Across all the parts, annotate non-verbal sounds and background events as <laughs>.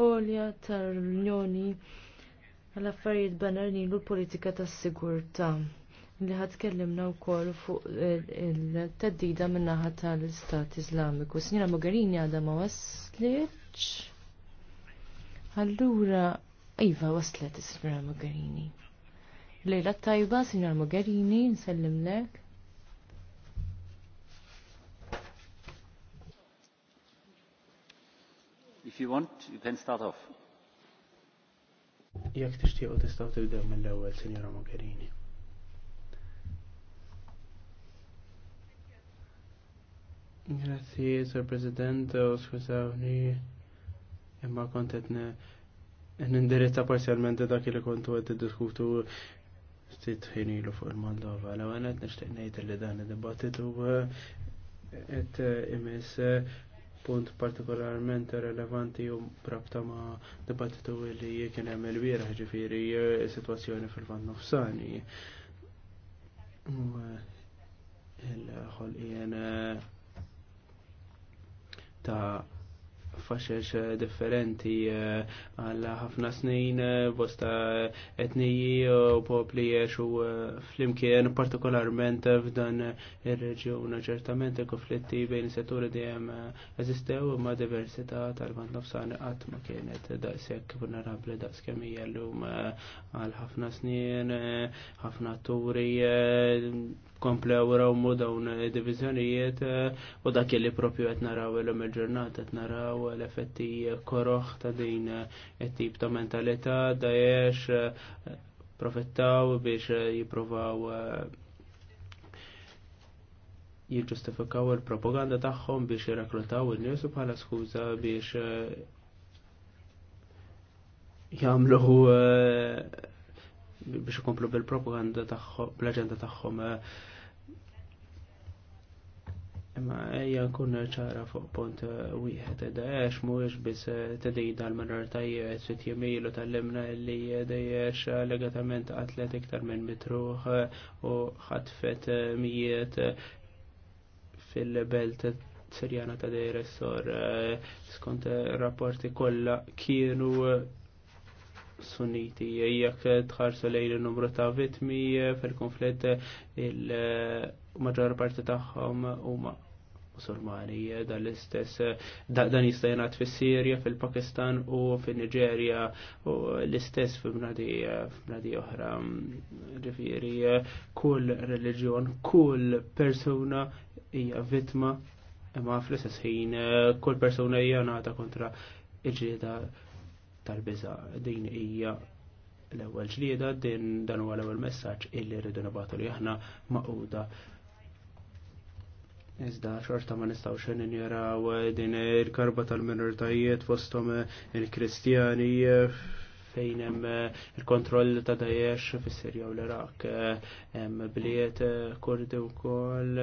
olja tal-Unjoni għal-affarijiet banarni l-politika tas-sigurtà li ħatkellimna wkoll fuq il-teddida min-naħa tal-Istat Iżlamiku. Snina Mogherini għadha ma waslitx. Allura iva waslet is-Sinjora Mogherini. Lejla tajba, Sinjora Mogherini, nsellem lek. If you want, you can start off. Jek Jekk tixtiequ tistgħu tibdew mill-ewwel, Sinjora Mogherini. Grazie, Sir President, u skużawni, imma kont qed nindirizza parzjalment dak li kontu qed diskutu ftit ħinilu fuq il-Moldova. L-għanet nishtiq nejt li dan id-dibattitu għed imis punt partikolarment relevanti u prabta ma dibattitu li kien hemm il-bieraħ ġifieri situazzjoni fil-fan nofsani. Eh, Il-ħolqien eh, ta' faxex eh, differenti eh, għal ħafna snin eh, bosta etniji u popli u flimkien partikolarment f'dan ir-reġjun ċertament il-konflitti bejn setturi dejjem eżistew ma diversità tal-vant nofsan qatt ma kienet daqshekk vulnerabbli daqs kemm hija llum għal ħafna snin ħafna atturi komplew rawmu dawn divizjonijiet eh, u dak li propju qed naraw il-ġurnata qed naraw l-effetti koroħ ta' din eh, it-tip ta' mentalità dajex eh, profittaw biex jipprovaw jiġġustifikaw il-propaganda tagħhom biex jirreklutaw il nies bħala skuża biex jagħmlu biex ikomplu bil-propaganda tagħhom bl-aġenda tagħhom Imma ejja kunna ċara fuq punt eh, wieħed eh, Daesh mhuwiex biss eh, tedida l-minoritajiet sit jemilu tal-limna li Daesh legatament atlet iktar minn mitruħ u ħatfet mijiet fil-belt Sirjana ta' dej Sor skont rapporti kollha kienu sunniti jekk tħarsu lejn il-numru ta' vittmi fil-konflitt il- maġġor parti tagħhom huma musulmani dal-istess dan jista' fi fis-Sirja, fil-Pakistan u fin-Niġerja u l-istess bnadi, bnadi oħra. Ġifiri, kull religjon, kull persuna hija vittma imma fl-istess ħin kull persuna hija nata kontra iġlieda tal-biża' din hija l-ewwel ġlieda din dan huwa l-ewwel messaġġ illi rridu nibgħatu li aħna maquda Iżda xorta ma nistaw nistgħux ninjaraw din il-karba tal-minoritajiet fostom il-Kristjani fejn hemm il-kontroll ta' Daesh fis-Sirja u l-Iraq. Hemm bliet kurdi wkoll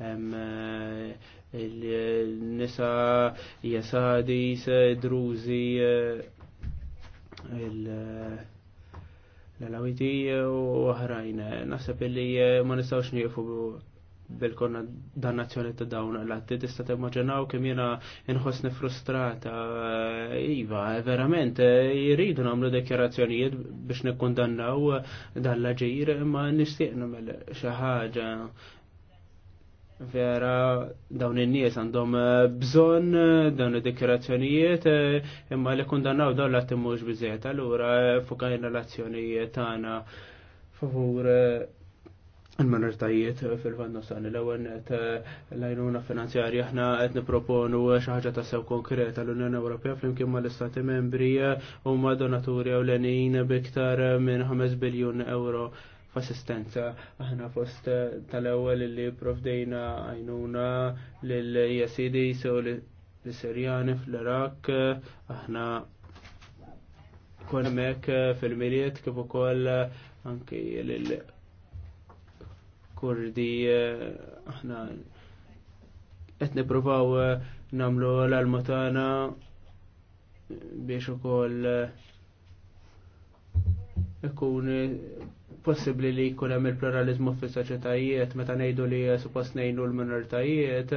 hemm il-nisa jasadis, druzi il- l-alawiti u ħrajn. Naħseb illi ma nistgħux nieqfu bil-konna dannazzjoni ta' dawn l-atti tista' timmaġinaw kemm jiena inħossni frustrata. Iva, verament, jiridu nagħmlu dekjarazzjonijiet biex nikkundannaw dan l-aġir imma nixtieq nagħmel xi ħaġa. Vera, dawn in-nies għandhom bżonn dawn id-dekjarazzjonijiet imma li kundannaw dawn l-atti mhux biżejjed allura fukajna l-azzjonijiet tagħna favur il-minoritajiet fil-van nofsan l-ewwel l-għajnuna finanzjarja aħna qed nipproponu xaħġa ta' sew konkreta l-Unjoni Ewropea flimkien mal-Istati Membri huma donaturi ewlenin biktar minn 5 biljun euro f'assistenza. Aħna fost tal-ewwel li provdejna għajnuna lil jasidi sew l-Sirjani fl-Irak aħna kon mek fil-miliet kif ukoll anki lil kurdi eh, aħna qed nippruvaw eh, nagħmlu l-alma tagħna biex ukoll eh, ikun possibbli li jkun hemm il-pluralizmu fis-soċjetajiet meta ngħidu li suppost ngħinu l-minoritajiet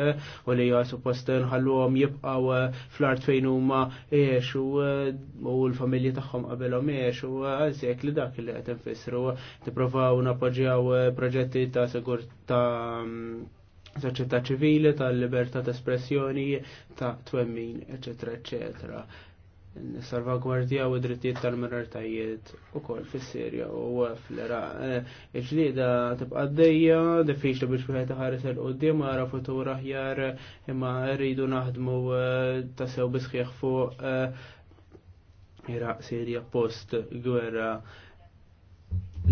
u li suppost nħalluhom jibqgħu fl-art fejn huma u l-familji tagħhom qabelhom għiex u għażek li dak li qed infissru tipprovaw napoġġjaw proġetti ta' sigur ta' soċjetà ċivili, tal libertà ta' espressjoni, ta' twemmin, eċetera eċetera salvagwardja u drittijiet tal-minoritajiet u kol fil-Sirja u fil-Iraq. Eh, Iġlida tibqa d diffiċli biex wieħed ħares il-qoddim għara futur aħjar imma rridu naħdmu eh, tasew bisħieħ fuq eh, Iraq Sirja post gwerra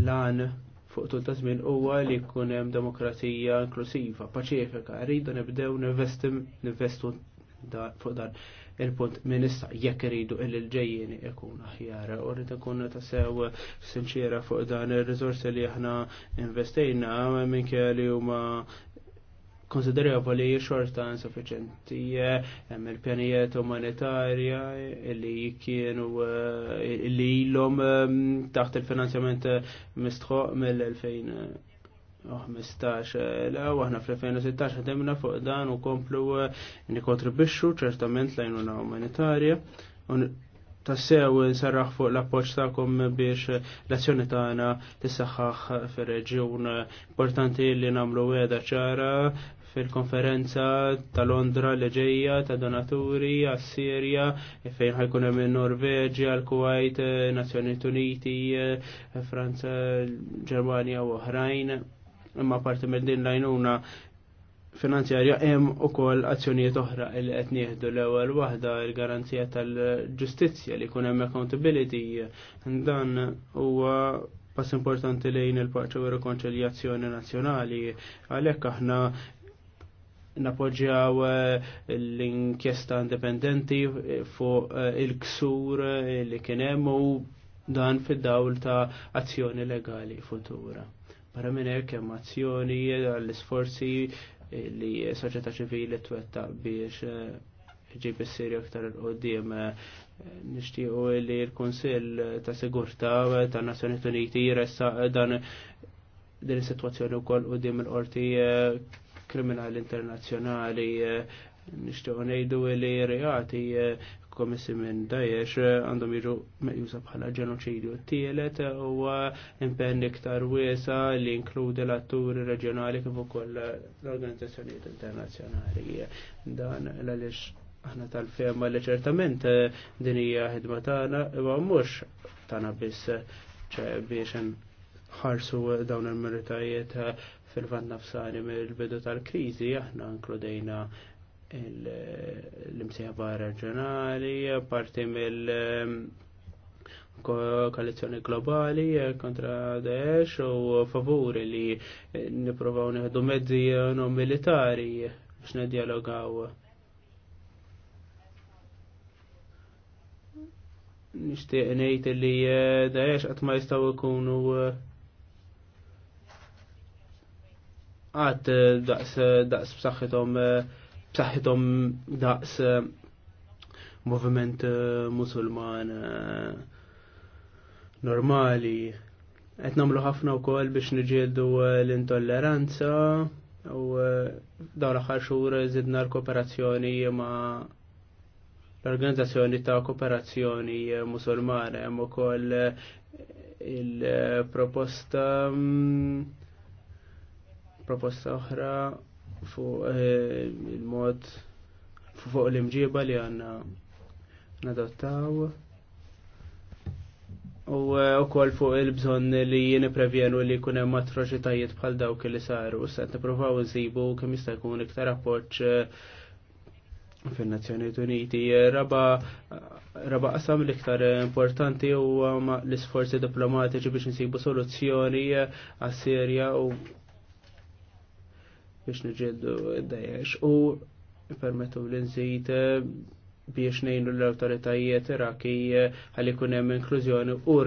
lan fuq tul ta' żmien huwa li jkun hemm demokrazija inklusiva, paċifika, rridu nibdew ninvestu fuq dan il-punt minissa jekk iridu il ġejjini ikun aħjar. U rrid ikun tasew sinċira fuq dan ir-riżorsi li aħna investejna minn li huma konsiderevoli xorta insufficienti hemm il-pjanijiet umanitarja li kienu li ilhom mm, taħt il-finanzjament mistħoq mill-2000 15 la għaw aħna fl-2016 ħdemna fuq dan u komplu uh, nikontribixxu ċertament lajnuna umanitarja tassew nsarraħ fuq l-appoċ ta'kom biex uh, l-azzjoni tagħna tissaħħaħ fir-reġjun importanti li nagħmlu weda ċara fil-konferenza ta' Londra li ġejja ta' donaturi għas sirja fejn ħajkun hemm in-Norveġja, l-Kuwait, eh, Nazzjonijiet Uniti, eh, Franza, Ġermanja u oħrajn imma parti minn din lajnuna finanzjarja hemm ukoll azzjonijiet oħra li qed nieħdu l-ewwel waħda l-garanzija tal-ġustizzja li jkun hemm accountability dan huwa pass importanti lejn il-paċi u Rekonċiljazzjoni nazzjonali għalhekk aħna napoġġjaw eh, l-inkjesta indipendenti fuq eh, il-ksur eh, li kien hemm u dan fid-dawl ta' azzjoni legali futura. Barra minn hekk hemm azzjoni għall-isforzi li soċjetà ċivili twetta biex eh, ġib is aktar il-qoddim eh, nixtiequ li l-Kunsill ta' Sigurtà ta' Nazzjonijiet Uniti jressa dan din is-sitwazzjoni wkoll qudiem il-qorti eh, kriminali internazzjonali nixtiequ ngħidu li reati komessi minn Daesh għandhom jiġu meqjusa bħala ġenoċidju. Tielet huwa impenn iktar wiesa li inkludi l-atturi reġjonali kif ukoll l-organizzazzjonijiet internazzjonali. Dan għaliex aħna tal-fema li ċertament din hija ħidma tagħna imma mhux tagħna biss biex ħarsu dawn il-meritajiet fil-vant mill-bidu tal-kriżi aħna inkludejna l-imsejħba reġjonali, parti mill ehm, koalizzjoni globali eh, kontra Daesh u favuri li eh, niprovaw neħdu mezzi eh, non militari biex nedialogaw. Nishtiq nejt li Daesh qatt ma jistgħu jkunu għad daqs b'saħħithom uh, b'saħħithom daqs eh, moviment eh, musulman eh, normali. Qed nagħmlu ħafna wkoll biex niġieldu l-intolleranza u dawn l-aħħar xhur żidna l-kooperazzjoni ma' l-organizzazzjoni ta' kooperazzjoni musulmana hemm ukoll il-proposta mm, proposta oħra fuq eh, il-mod fuq l-imġiba li għanna nadottaw u wkoll eh, fuq il-bżonn li jien prevjenu li jkun hemm atroċitajiet bħal dawk li saru u se nippruvaw nsibu kemm jista' jkun iktar appoġġ eh, fil-Nazzjoniet Uniti. Raba, raba qasam l-iktar importanti u l-isforzi diplomatiċi biex nsibu soluzzjoni għas-Sirja u biex nġeddu id-dajex u permetu l-inżid eh, biex nejnu l-autoritajiet iraki eh, għalli kunem inklużjoni u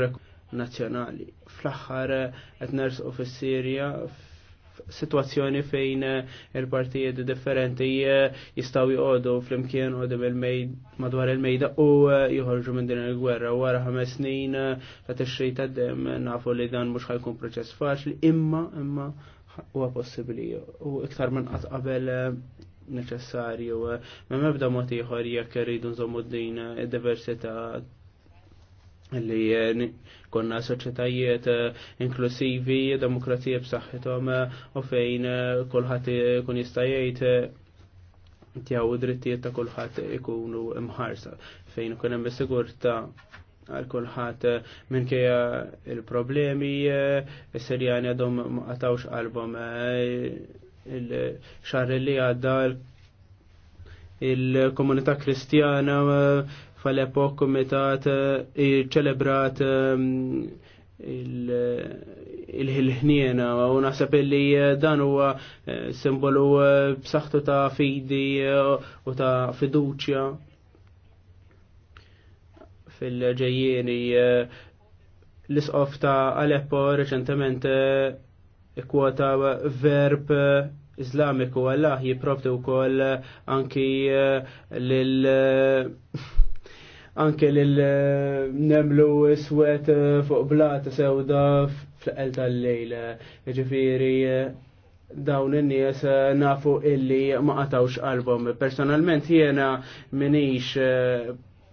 nazjonali. Fl-axħar eh, qed u fis sirja situazzjoni fejn il-partijiet differenti jistaw jgħodu fl-imkien u madwar il-mejda u jħorġu minn din il-gwerra. Wara ħames snin ta' t-xrejt għaddem nafu li dan mux ħajkun proċess faċli, imma, imma huwa possibbli u iktar minn qatt qabel eh, neċessarju. Eh, ma mebda mod ieħor jekk irridu nżommu din id-diversità eh, li konna soċetajiet inklusivi, demokrazija b'saħħithom u fejn kulħadd ikun jista' jgħid tiegħu id-drittijiet ta' kulħadd ikunu imħarsa fejn ikun hemm is-sigurtà għal kulħadd minkejja il-problemi eh, s-serjani għadhom għatawx album qalbhom eh, il-xahar li għadda il-komunità kristjana eh, fal-epok il ċelebrat il-ħniena u naħseb li dan huwa simbolu b'saħħtu ta' fidi u ta' fiduċja fil-ġejjieni eh, l-isqof ta' Aleppo reċentement eh, kwota verb eh, Islamiku għallah jiprovdu wkoll anki lil anke lil nemlu swet fuq blata sewda fl-qel tal-lejl. Ġifiri, dawn in-nies nafu illi ma qatawx qalbhom. Personalment jiena minix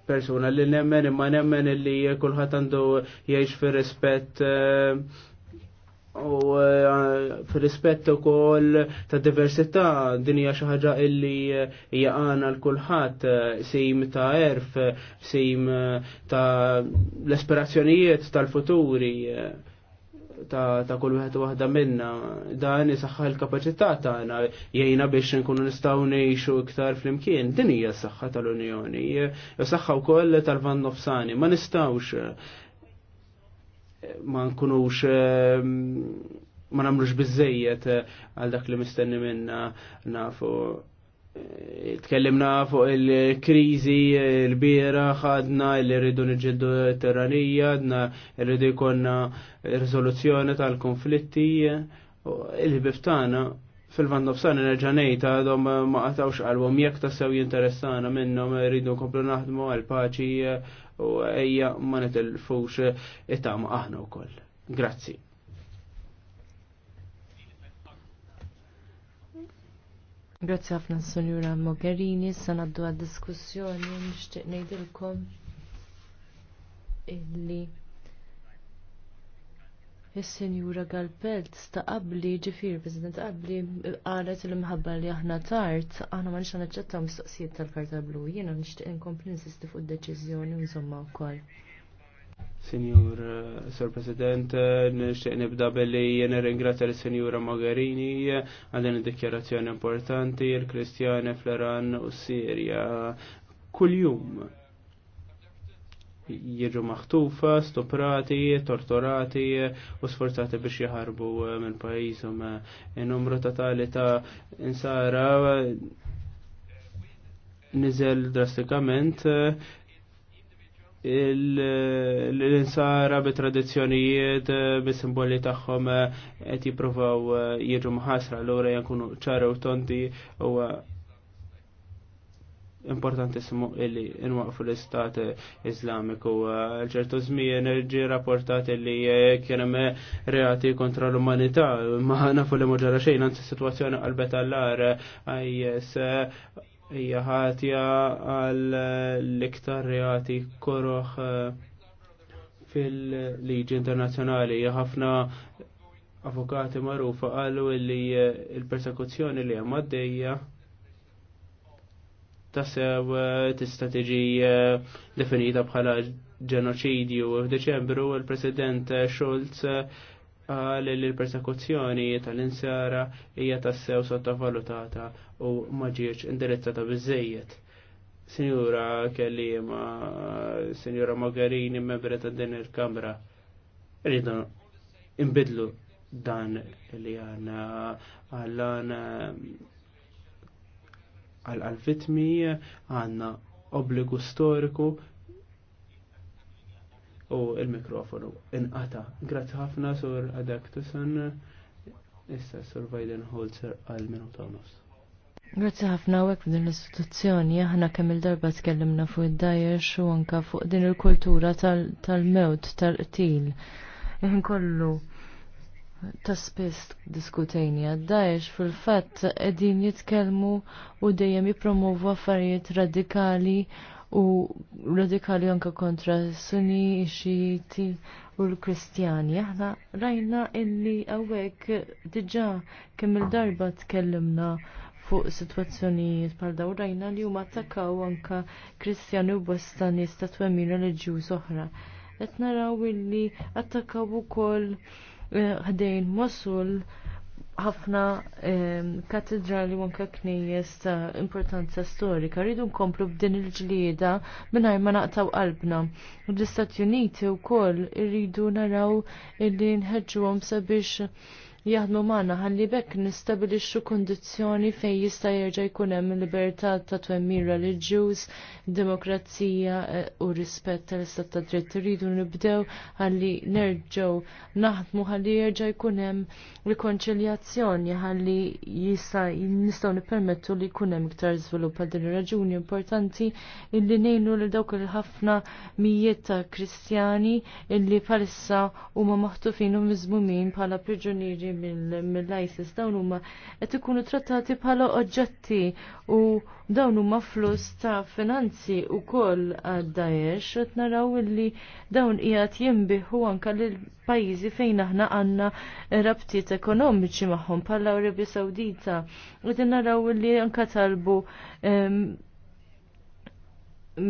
persuna li nemmen imma nemmen li kulħadd għandu jgħix fir rispett eh, u eh, fi rispett ukoll ta' diversità din hija xi ħaġa illi eh, jgħana l kulħadd sim ta' erf, sim ta' l-esperazzjonijiet tal-futuri ta', ta kull wieħed waħda minna dan isaħħa l-kapaċità tagħna jgħinna biex nkunu nistgħu ngħixu iktar flimkien. Din hija s-saħħa tal-Unjoni, s-saħħa wkoll tal-Van Nofsani. Ma nistgħux ma nkunux ehm, ma nagħmlux biżejjed eh, għal dak li mistenni minna nafu tkellimna fuq il-krizi l-bira ħadna li rridu nġeddu terranija, għadna rridu jkonna rizoluzzjoni tal-konflitti, il-biftana fil-vandu f'san nerġanejta għadhom ma qatawx qalbhom jekk tassew jinteressana minnhom rridu nkomplu naħdmu għal paċi u ejja ma nitilfux it-tama aħna wkoll. Grazzi. Grazzi ħafna Sonjura Mogherini, sanaddu għad diskussjoni, nishtiq nejdilkom illi Is-Senjura Galpelt sta qabli ġifir, President qabli qalet li mħabba li aħna tard, aħna ma nixan naċċettaw mistoqsijiet tal-karta blu, jiena nixtieq inkompli nsisti fuq id-deċiżjoni insomma wkoll. Senjur eh, Sir President, eh, nixtieq nibda billi nirringrazzja l senjura Mogherini eh, għal din id-dikjarazzjoni importanti l-Kristjani fl-Iran u Sirja kuljum jiġu maħtufa, stuprati, torturati u sforzati biex jaħarbu minn pajjiżhom. In-numru totali ta' insara nizel drastikament l-insara bi tradizjonijiet bi simboli tagħhom eh, qed jippruvaw eh, jiġu mħasra l-ura jankunu ċara u tonti u simu illi inwaqfu l-istat islamiku eh, ċertu żmien ġi rapportat illi kien hemm reati kontra l-umanità ma nafu li ma ġara xejn anzi situazzjoni qalbet allar IS hija ħatja għal l-iktar reati koroħ eh, fil-liġi internazzjonali. ħafna avokati magħrufa qalu li eh, l-persekuzzjoni li hemm għaddejja tasew eh, tista' tiġi definita bħala ġenoċidju. F'Deċembru il-President Schulz għal li l-persekuzzjoni tal-insara hija tassew sottovalutata u ma ġietx indirizzata biżejjed. Sinjura ma Sinjura Mogherini, membri ta' din il-Kamra, rridu imbidlu dan li għanna għallan għal-vitmi għanna obbligu storiku u il-mikrofonu inqata. Grazzi ħafna sur għadak tusan issa sur Biden Holzer għal minuta u nofs. Grazzi ħafna għek din l-istituzzjoni, aħna kemm il-darba tkellimna fuq id-dajex u anka fuq din il-kultura tal-mewt, tal-qtil. Iħin kollu ta' spist diskutejni għad-Dajesh fil-fatt edin jitkelmu u dejjem jipromovu affarijiet radikali u radikali anka kontra sunni, xiti u l-kristjani. Aħna rajna illi għawek diġa kemm il-darba tkellimna fuq situazzjoni bħal daw rajna li huma attakkaw anka kristjani u bostani ta' twemmin reliġjuż oħra. Qed naraw illi attakkaw ukoll eh, ħdejn Mosul ħafna ehm, katedrali u anke knejjes ta' importanza storika rridu nkomplu b'din il-ġlieda mingħajr ma naqtaw qalbna. U l-Istati Uniti wkoll irridu naraw illi nħeġġuhom sabiex jaħdmu magħna ħalli bekk nistabilixxu kundizzjoni fejn jista' jerġa' jkun hemm libertà ta' twemmir reliġjuż, demokrazija eh, u rispett tal-istat ta' dritt iridu nibdew ħalli nerġgħu naħdmu ħalli jerġa' jkun hemm rikonċiljazzjoni ħalli jista' nistgħu nippermettu li jkun hemm iktar żvilupp għal din ir-raġuni importanti illi ngħinu li dawk il-ħafna mijiet ta' Kristjani illi palissa huma maħtufin u miżmumin bħala priġunieri ġifiri mill-ISIS dawn huma qed ikunu trattati bħala oġġetti u dawn huma flus ta' finanzi wkoll għad-Daesh qed naraw li dawn qiegħed jinbiħu anke lil pajjiżi fejn aħna għandna rabtiet ekonomiċi magħhom bħala Arabja Sawdita. U din naraw li anke talbu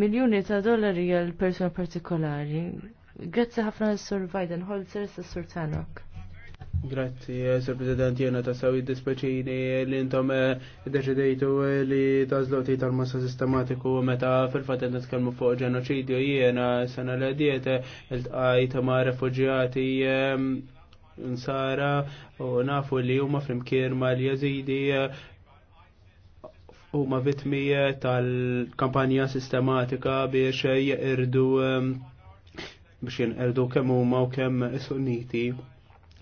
miljuni ta' dollari għal persuna partikolari. Grazzi ħafna s-Sur Biden, Holzer s-Sur Tanok. Grazzi, eh, Sir President, jena ta' sawi dispeċini li intom eh, deċidejtu eh, li tażloti tal-massa sistematiku meta fil-fat nitkellmu fuq ġenoċidju jena sena l diet il-tqajt ma' refugjati nsara u nafu li huma flimkien ma' l-jazidi huma vitmi tal-kampanja sistematika biex jirdu biex jirdu kemm huma u kemm is-sunniti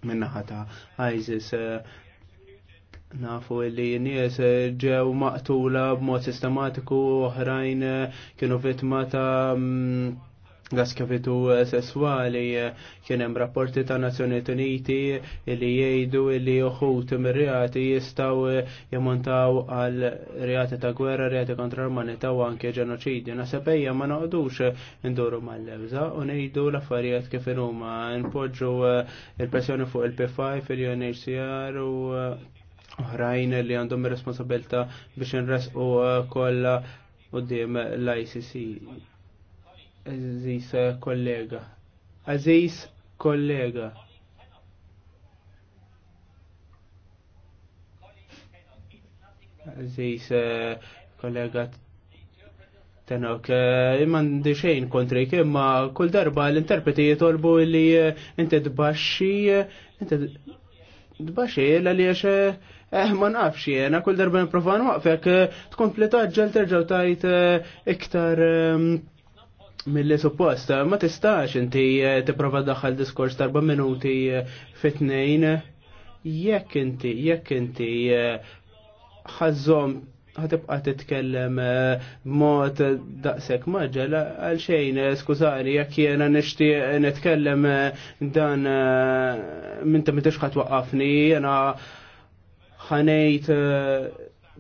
minnaħa ta' ISIS eh, nafu li nies eh, ġew maqtula b'mod sistematiku oħrajn eh, kienu vittma ta' mm, gaskavitu eh, sessuali eh, kien hemm rapporti ta' Nazzjonijiet Uniti li jgħidu li uħut mir-reati jistgħu eh, jamontaw għal reati ta' gwerra, reati kontra l-umanità u anke ġenoċidju. Naseb ejja ma noqdux induru mal-lewża u ngħidu l-affarijiet kif huma npoġġu il-pressjoni fuq il-P5, il-UNHCR u oħrajn li għandhom ir responsabilta biex nresqu kollha qudiem l-ICC. Aziz eh, kollega. Aziz kollega. Aziz eh, kollega tenok, eh, imman xejn kontri, imma kull darba l-interpreti jitolbu li inti dbaxi inti dbaxi l-għaliex Eh, ma nafx jena, kull darba niprofa nwaqfek, tkompli taġġel terġaw tajt iktar Mille suppost, ma tistax inti eh, t-prova daħħal diskors tarba minuti eh, fit-tnejn. Jekk inti, jekk inti eh, ħazzom ħatibqa titkellem mod daqsek maġġel għal xejn, skużani, jekk jiena nixtieq nitkellem dan minn ta' mitix ħatwaqqafni, jena ħanejt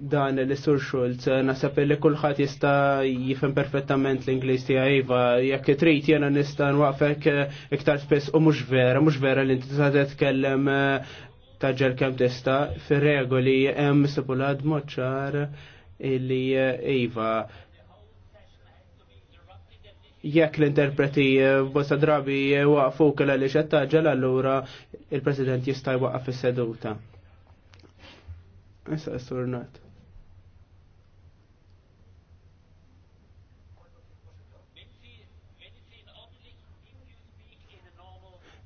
dan l sur Schulz, nasab li kullħat jista jifem perfettament l-Inglis tiegħi iva, jekk trid jiena nista' nwaqfek eh, iktar spess u mhux vera, mhux vera li inti tista' ta' eh, taġġel kemm tista' fir-regoli hemm stipulad moċċar illi eh, iva jekk l-interpreti bosta drabi waqfu kella li xettaġġel allura il-President jista' jwaqqa fis seduta Issa s-surnat.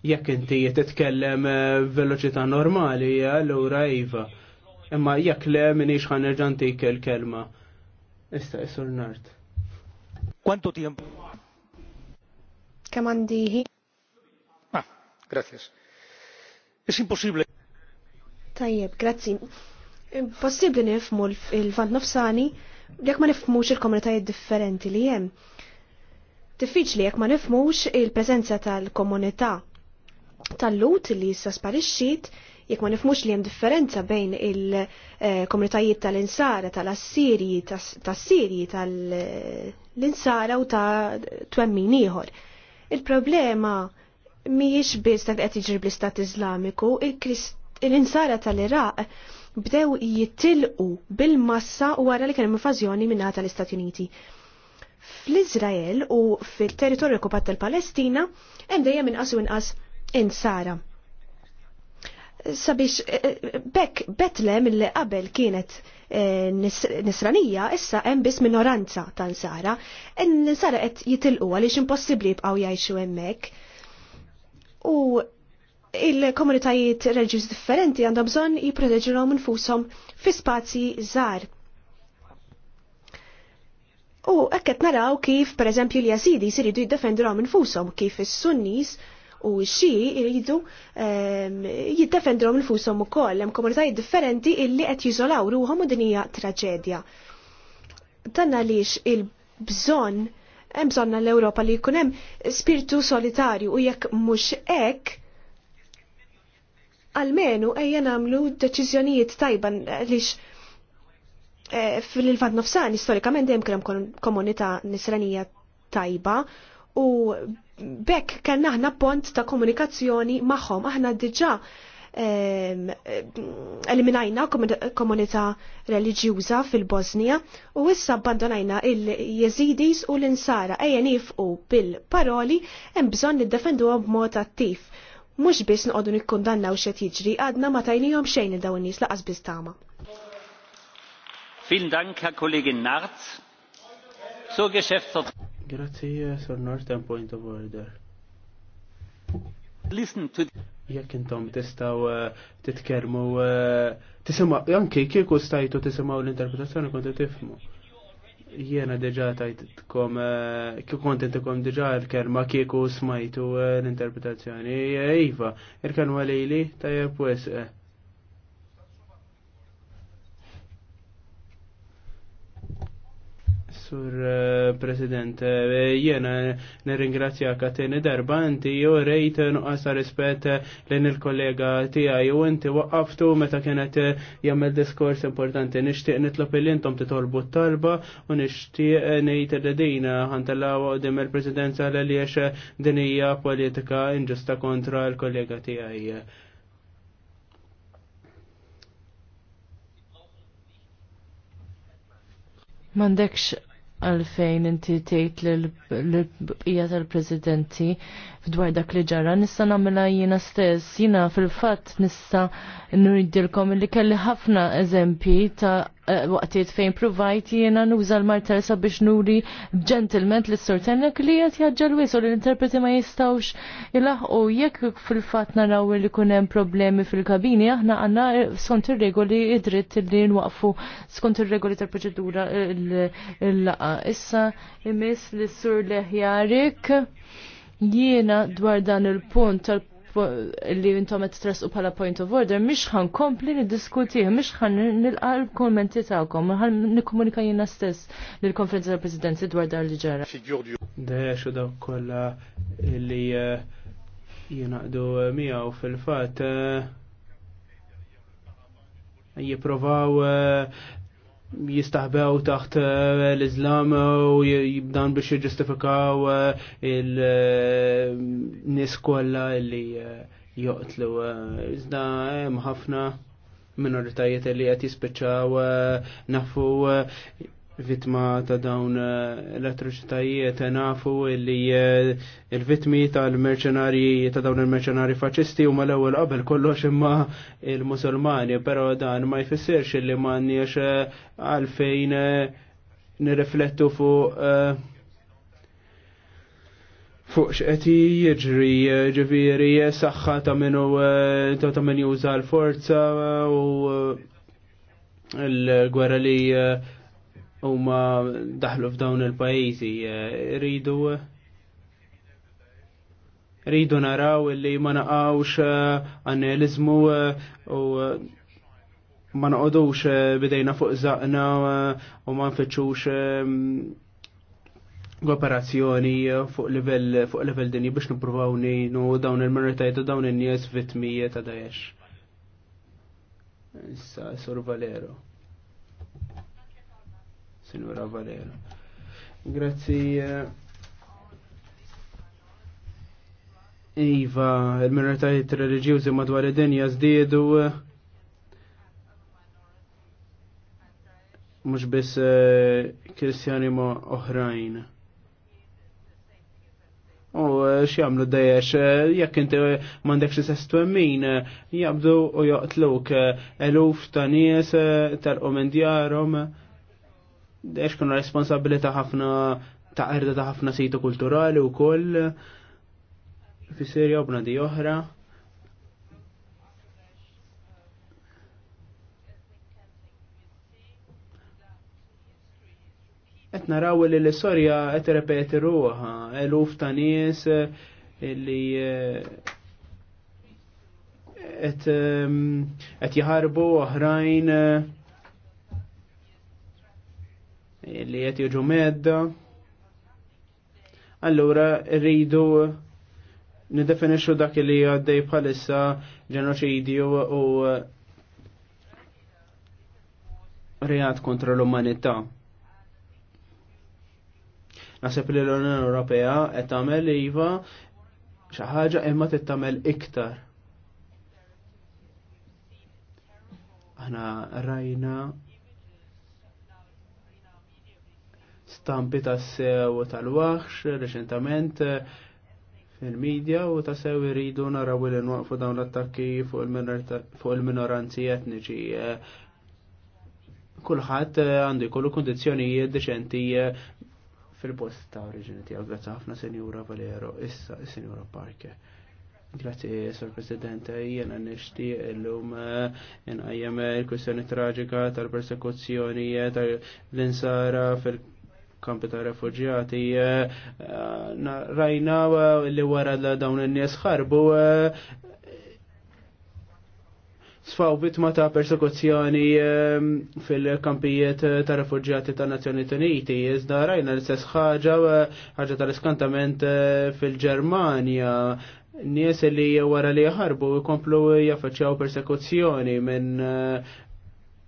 jekk inti titkellem eh, veloċità normali, allura iva. Imma jekk le minix ħanerġan irġanti il-kelma. Issa, isur nart. Quanto tiempo? diħi? Ah, grazzis. Es impossibile. Tajjeb, grazzi. Possibli nifmu il-fant nofsani, jekk ma nifmux il-komunitajiet differenti li jem. Diffiċli jekk ma nifmux il-prezenza tal-komunità tal-lut li jissa sparixxiet jekk ma nifmux li hemm differenza bejn il-komunitajiet tal-insara, tal-assiri, tas-siri, tal-insara u ta' twemmin ieħor. Il-problema mhijiex biss ta' qed jiġri bl-Istat Iżlamiku, il-insara tal-Iraq bdew jittilqu bil-massa wara li kien hemm invażjoni minnha tal-Istati Uniti. Fl-Iżrael u fil-territorju okkupat tal-Palestina hemm dejjem inqas u inqas insara. Sabiex, eh, eh, bekk Betlem li qabel kienet eh, nisranija, issa hemm biss minoranza ta' in Sara qed jitilqu għaliex impossibbli jibqgħu jgħixu hemmhekk. U il-komunitajiet reġjus differenti għandhom bżonn jipproteġilhom infushom fi spazji żgħar. U hekk qed naraw kif pereżempju l-Jasidi jsiridu jiddefendilhom infushom kif is-Sunnis u xi jridu ehm, jiddefendrom l-fushom ukoll hemm komunitajiet differenti illi qed jiżolaw ruhom u din hija traġedja. Dan għaliex il-bżonn hemm bżonna l-Ewropa li jkun hemm spiritu solitarju u jekk mhux hekk almenu ejja nagħmlu deċiżjonijiet tajba għaliex eh, fil-Levant nofsani storikament hemm kemm komunità nisranija tajba u bekk kellna aħna pont ta' komunikazzjoni magħhom. Aħna diġà ehm, eliminajna komunità reliġjuża fil-Bosnija u issa abbandonajna il-Jezidis u l-Insara ejja nifqu bil-paroli hemm bżonn niddefenduhom b'mod attiv. Mhux biss noqogħdu nikkundannaw x'qed jiġri għadna ma tajnihom xejn il dawn nies laqas biss tagħma. Vielen Dank, Herr Kollegin Narz. Zur Geschäftsordnung. Grazie eh, Sir Norton Point of Order. Listen to Jek intom tistaw eh, titkermu eh, tisimgħu janki kieku stajtu tisimgħu l-interpretazzjoni konti tifmu. Jiena diġà tajtkom kieku kont intikom diġà l-kelma kieku smajtu l-interpretazzjoni. Iva, il-kelma lejli tajjeb wisq. Sur eh, President, eh, jena nirringrazzja kateni darba inti jo rejt nuqqasa rispet eh, lejn il-kollega tijaj u inti waqqaftu meta kienet jammel diskors importanti nishtiq nitlop il intom titolbu t-talba u nishtiq nejt l-dina ħantalla dim il-presidenza l-liex dinija politika inġusta kontra l-kollega tijaj. Mandekx għalfejn inti tgħid l-bqija tal-presidenti dwar dak li ġara nista' nagħmilha jiena stess. Jiena fil-fatt nista' nridilkom li kelli ħafna eżempji ta' Eh, waqtiet fejn provajt jiena nuża l-martel sabiex nuri ġentilment l sortennek li qed jaġġel wisu l-interpreti ma jistawx ilaħqu jekk fil-fatt naraw li kun hemm problemi fil-kabini aħna għandna eh, skont ir-regoli id-dritt li nwaqfu skont ir-regoli tal-proċedura l-laqa. Issa imiss l sur leħjarik jiena dwar dan il-punt tal li intom qed tresqu pala point of order mish mhix ħankompli niddiskutih, mhix ħan nilqa' l-kummenti tagħkom, ħan nikkomunika jina stess lill-Konferenza tal-Presidenzi dwar dar li ġara. Dejja xo dawk kolla li eh, jina għdu eh, mija u fil fat eh, jiprovaw jistaħbew taħt eh, l-Islam u jibdan biex jġustifikaw eh, il-nis eh, kolla li joqtlu. Iżda ħafna minoritajiet li qed jispiċċaw nafu vitma ta' dawn eh, l-atroċitajiet eh, nafu li eh, il-vitmi tal-merċenari ta' dawn il-merċenari faċisti u mal ewwel qabel kollox imma il-musulmani, pero dan ma jfissirx li ma nniex għalfejn nirriflettu fuq fuq xqeti jiġri ġifiri saħħa ta' minnu ta' minn juża l-forza u l-gwerra li huma daħlu f'dawn il-pajjiżi eh, rridu rridu naraw li ma naqgħux eh, annelizmu eh, u ma naqodux bidejna fuq zaqna u ma nfittxux kooperazzjoni fuq livell fuq livell dinji biex nippruvaw ngħinu dawn il-minoritajt u dawn in-nies vittmi ta' Daesh. Issa, Sur Valero. Signora Valero. Grazzi. Eh, iva, il-minoritajiet religjużi madwar id-dinja żdiedu eh, mhux biss eh, kristjani ma' oħrajn. U x'jagħmlu dejjex, jekk inti m'għandekx istess twemmin, jabdu u joqtluk eluf ta' nies tal-qomendjarhom. Dex kuna responsabilita ħafna ta' erda ta' ħafna sejtu kulturali u koll fi Sirja u bnadi oħra. Et naraw li l-Sorja et repeti ruħa, eluf ta' nies eh, li eh, et ehm, jħarbu oħrajn. Uh, li qed jiġu medda. Allura rridu nidefinixxu dak li għaddej bħalissa ġenoċidju u reat kontra l-umanità. Nasib li l-Unjoni Ewropea qed tagħmel iva xi ħaġa imma trid tagħmel iktar. Aħna rajna stampi tas-sew tal-waħx reċentament eh, fil-medja u ta' sew iridu naraw li nwaqfu dawn l-attakki fuq il-minoranzi etniċi. Eh. Kulħadd eh, għandu jkollu kundizzjonijiet deċenti fil-post ta' oriġini tiegħu grazzi ħafna Senjura Valero, issa Sinjura Parke. Grazzi, Sur Presidente, jena nishti illum lum il-kwistjoni traġika tal-persekuzzjoni tal-insara fil- kampi ta' refugjati. Eh, eh, rajna eh, li wara dawn in-nies ħarbu sfaw vitma ta' persekuzzjoni fil-kampijiet ta' refugjati ta' Nazzjoni Uniti. Iżda rajna l-istess ħaġa, ħaġa tal-iskantament fil-Ġermanja. Nies li wara li jħarbu jkomplu jaffaċċjaw persekuzzjoni minn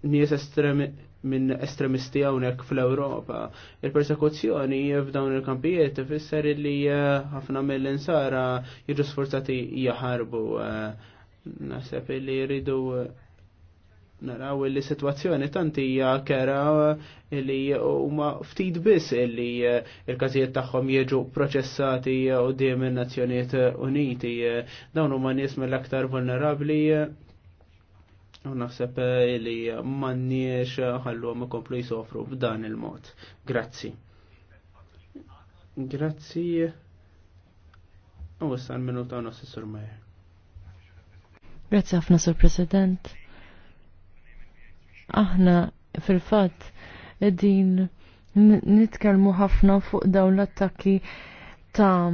nies estremi minn estremisti hawnhekk fl-Ewropa. Il-persekuzzjoni f'dawn il-kampijiet ifisser li eh, ħafna mill-insara jiġu sforzati jaħarbu. Eh, naħseb li jridu eh, naraw li situazzjoni tanti hija kera li huma ftit biss li il-każijiet tagħhom jiġu proċessati u in-Nazzjonijiet Uniti. Dawn huma nies mill-aktar vulnerabbli Naħseb eh, li manniex eh, ħallhom ikomplu jisofru b'dan il-mod. Grazzi. Grazzi. U issa l-minuta nos Sur Mejer. Grazzi ħafna Sur President. Aħna fil-fatt din nitkellmu ħafna fuq dawn l-attakki ta'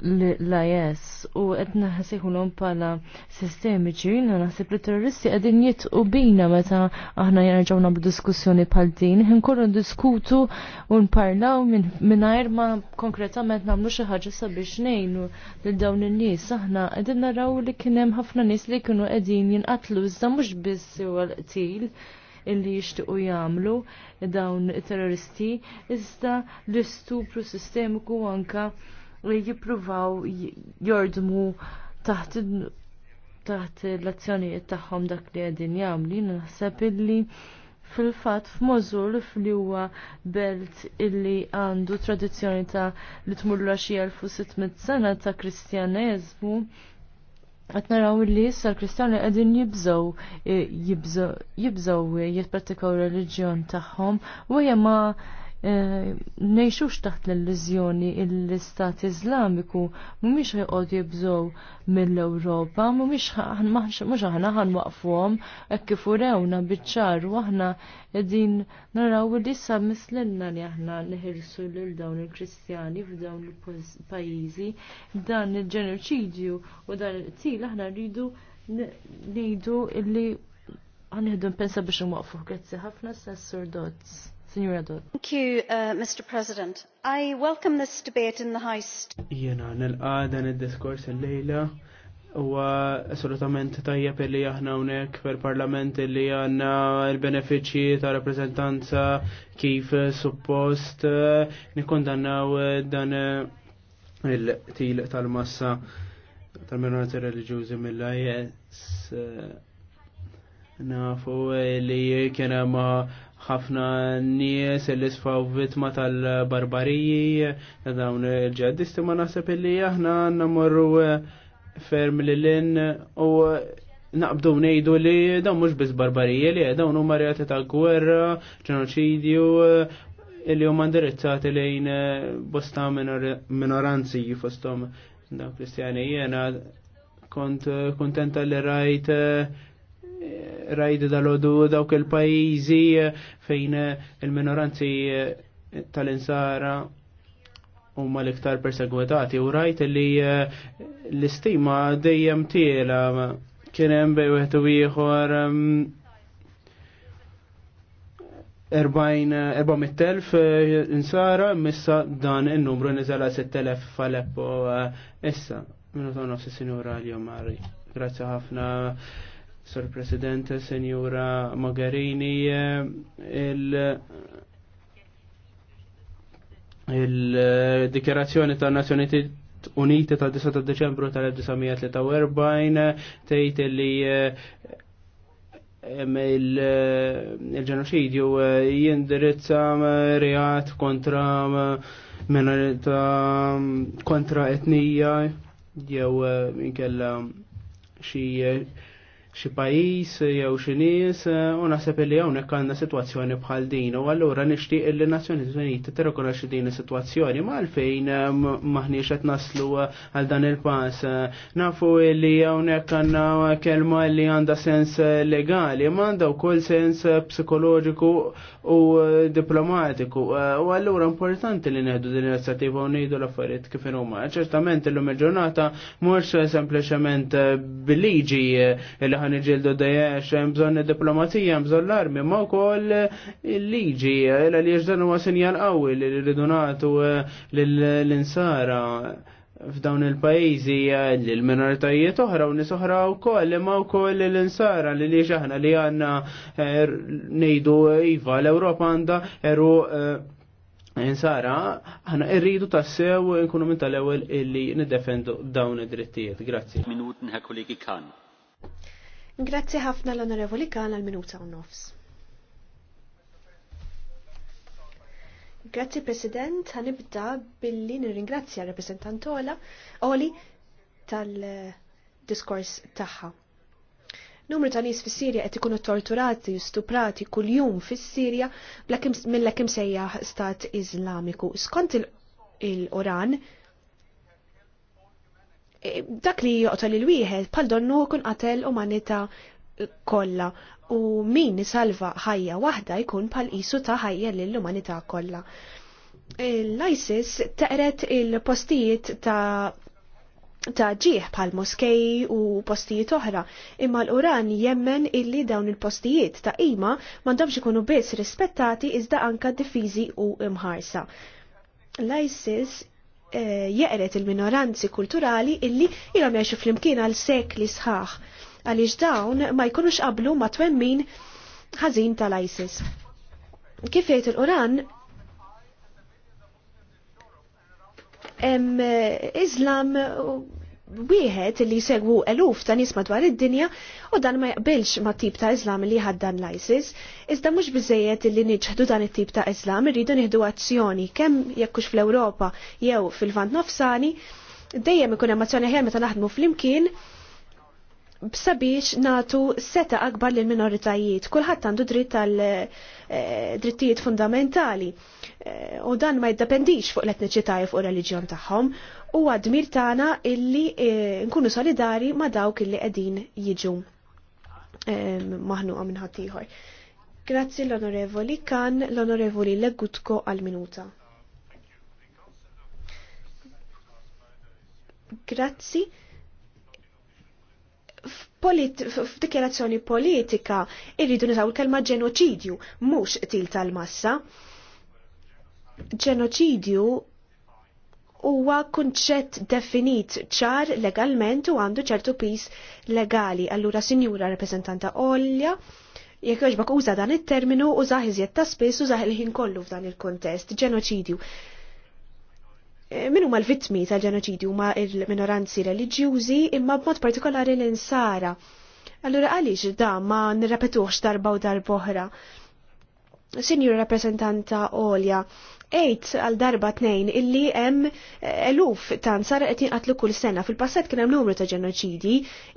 l-IS u qed naħsihulhom bħala sistemiċi ġirina naħseb li terroristi qegħdin jitqu bina meta aħna jerġgħu nagħmlu diskussjoni bħal din, ħinkollu ndiskutu u nparlaw mingħajr ma konkretament nagħmlu xi ħaġa sabiex ngħinu lil dawn in-nies. Aħna qegħdin naraw li kien hemm ħafna nies li kienu qegħdin jinqatlu iżda mhux biss huwa l-qtil illi jishtiqu jagħmlu dawn it-terroristi iżda l-istupru sistemiku anka jippruvaw jordmu taħt taħt l-azzjonijiet tagħhom dak li qegħdin jagħmlu naħseb illi fil-fatt f'Mozul li huwa belt illi għandu tradizzjoni ta' li tmur xi 1600 sena ta' Kristjaneżmu qed naraw illi issa l-Kristjani qegħdin jibżgħu eh, jibżgħu jitprattikaw ir-reliġjon tagħhom u hija ma' Eh, nejxux taħt l-illużjoni l-Istat Iżlamiku mhumiex ħajqogħdu jibżgħu mill-Ewropa, mhumiex mhux aħna ħanwaqfuhom hekk kif urewna biċ-ċar u aħna qegħdin naraw li issa mislilna li aħna neħirsu lil dawn il-Kristjani f'dawn il-pajjiżi dan il-ġenoċidju u dan il-qtil aħna rridu ngħidu illi ħanieħdu npensa biex n-waqfu għetzi ħafna s Sordozz. Uh, Jena, nil-qa dan il-diskors il-lejla u assolutament tajjeb li aħna hawnhekk fil-Parlament li għandna l-benefiċċji ta' rappreżentanza kif suppost eh, nikkondannaw eh, dan eh, il-til tal-massa tal-minoranza reliġjużi mill-IS nafu li kien ma' ħafna nies li sfaw vittma tal-barbariji dawn il-ġaddisti ma nasib illi aħna għandna morru eh, ferm li l-in u naqbdu ngħidu li dawn mhux biss barbariji li dawn huma marjati ta' gwerra, ġenoċidju eh, illi huma ndirizzati lejn eh, bosta minoranzi fosthom dawn Kristjani jiena kont kontenta li rajt uh, rajdi dal-ħodu dawk il-pajizi eh, fejn eh, il-minoranzi eh, tal-insara huma l-iktar persegwitati u rajt li l-istima dejjem tiela kien hemm bej wieħed u ieħor 400.000 ehm, insara missa dan il-numru nizala 6.000 Faleppo issa minu ta' nofsi sinjura l jomari Grazie ħafna. Sur President, Senjura Mogherini, il- il-dikjerazzjoni ta' Nazzjoni Uniti ta' 10 Deċembru tal-1943 tgħid li il-ġenoċidju jindirizza reat kontra minorita kontra etnija jew minkella eh, xi xi pajjiż eh, jew xi nies eh, u naħseb li hawnhekk għandna sitwazzjoni bħal din u allura nixtieq li n-Nazzjonijiet Uniti tirrikonoxxi din is-sitwazzjoni ma għalfejn eh, maħniex qed naslu għal dan il-pass. Nafu li hawnhekk għandna kelma li għandha sens legali, ma għandha wkoll sens psikoloġiku u diplomatiku. U allura importanti li neħdu din l-inizjattiva u ngħidu l-affarijiet kif huma. Ċertament illum il-ġurnata mhux sempliċement biliġi li għan iġildu dajax, hemm diplomatija, diplomazija, l-armi, ma wkoll il-liġi, għaliex dan huwa sinjal qawwi li l-ridunatu eh, l insara f'dawn il-pajjiżi eh, l-minoritajiet oħra u nies oħra wkoll imma wkoll l-insara li li aħna li għandna eh, ngħidu iva l-Ewropa għandha eru Insara, għanna irridu tassew nkunu minn tal-ewel illi niddefendu dawn id-drittijiet. Grazie. Minuten, Herr Kollegi Kahn. Grazzi ħafna l-Onorevoli Kan għal minuta u nofs. Grazzi President, ħanibda billi nirringrazzja rappresentant Ola Oli tal-diskors tagħha. Numru ta' nies fis-Sirja qed ikunu torturati u stuprati kuljum fis-Sirja mill-kim sejjaħ Stat Iżlamiku. Skont il-Oran, il oran Eh, dak li joqtol il-wieħed pal donnu kun qatel umanita kollha u min salva ħajja waħda jkun pal qisu ta' ħajja lill-umanità kollha. L-ISIS teqret il-postijiet ta' ta' ġieħ pal moskej u postijiet oħra, imma l-Uran jemmen illi dawn il-postijiet ta' ima mandomx ikunu biss rispettati iżda anka diffiżi u imħarsa. L-ISIS Eh, jeqret il-minoranzi kulturali illi ilhom jgħixu flimkien għal sekli sħaħ għaliex dawn ma jkunux qablu ma twemmin ħażin tal-ISIS. Kif il-Quran hemm Islam wieħed li segwu eluf ta' nies madwar id-dinja u dan ma jaqbilx ma' tip ta' Islam li ħaddan l-ISIS, iżda mhux biżejjed li niġħdu dan it-tip ta' Islam irridu nieħdu azzjoni kemm jekkux fl-Ewropa jew fil-Vant Nofsani, dejjem ikun hemm azzjoni ħjar meta naħdmu flimkien sabiex natu seta akbar lil minoritajiet kulħadd għandu dritt tal eh, drittijiet fundamentali eh, u dan ma jiddependix fuq l-etniċità fuq ir-reliġjon tagħhom u għadmir tagħna illi e, nkunu solidari ma' dawk illi qegħdin jiġu e, maħnu minn ħaddieħor. Grazzi l-Onorevoli Kan, l-Onorevoli Legutko għal-minuta. Grazzi. F'dikjerazzjoni politika irridu nisaw il-kelma ġenoċidju, mhux til tal-massa. Ġenoċidju huwa kunċett definit ċar legalment u għandu ċertu pis legali. Allura, sinjura rappresentanta Olja, jekk joġbak uża dan it-terminu, użah iżjed ta' spiss, użah il-ħin kollu f'dan il-kontest, ġenoċidju. E, min huma l-vittmi tal-ġenoċidju ma il-minoranzi reliġjużi imma b'mod partikolari l-insara. Allura għaliex da ma nirrapetux darba u darba oħra. Sinjur rappresentanta Olja, Ejt għal darba tnejn illi hemm eh, eluf ta' nsara qed jinqatlu kull sena. Fil-passat kien hemm numru ta' ġenoċidi,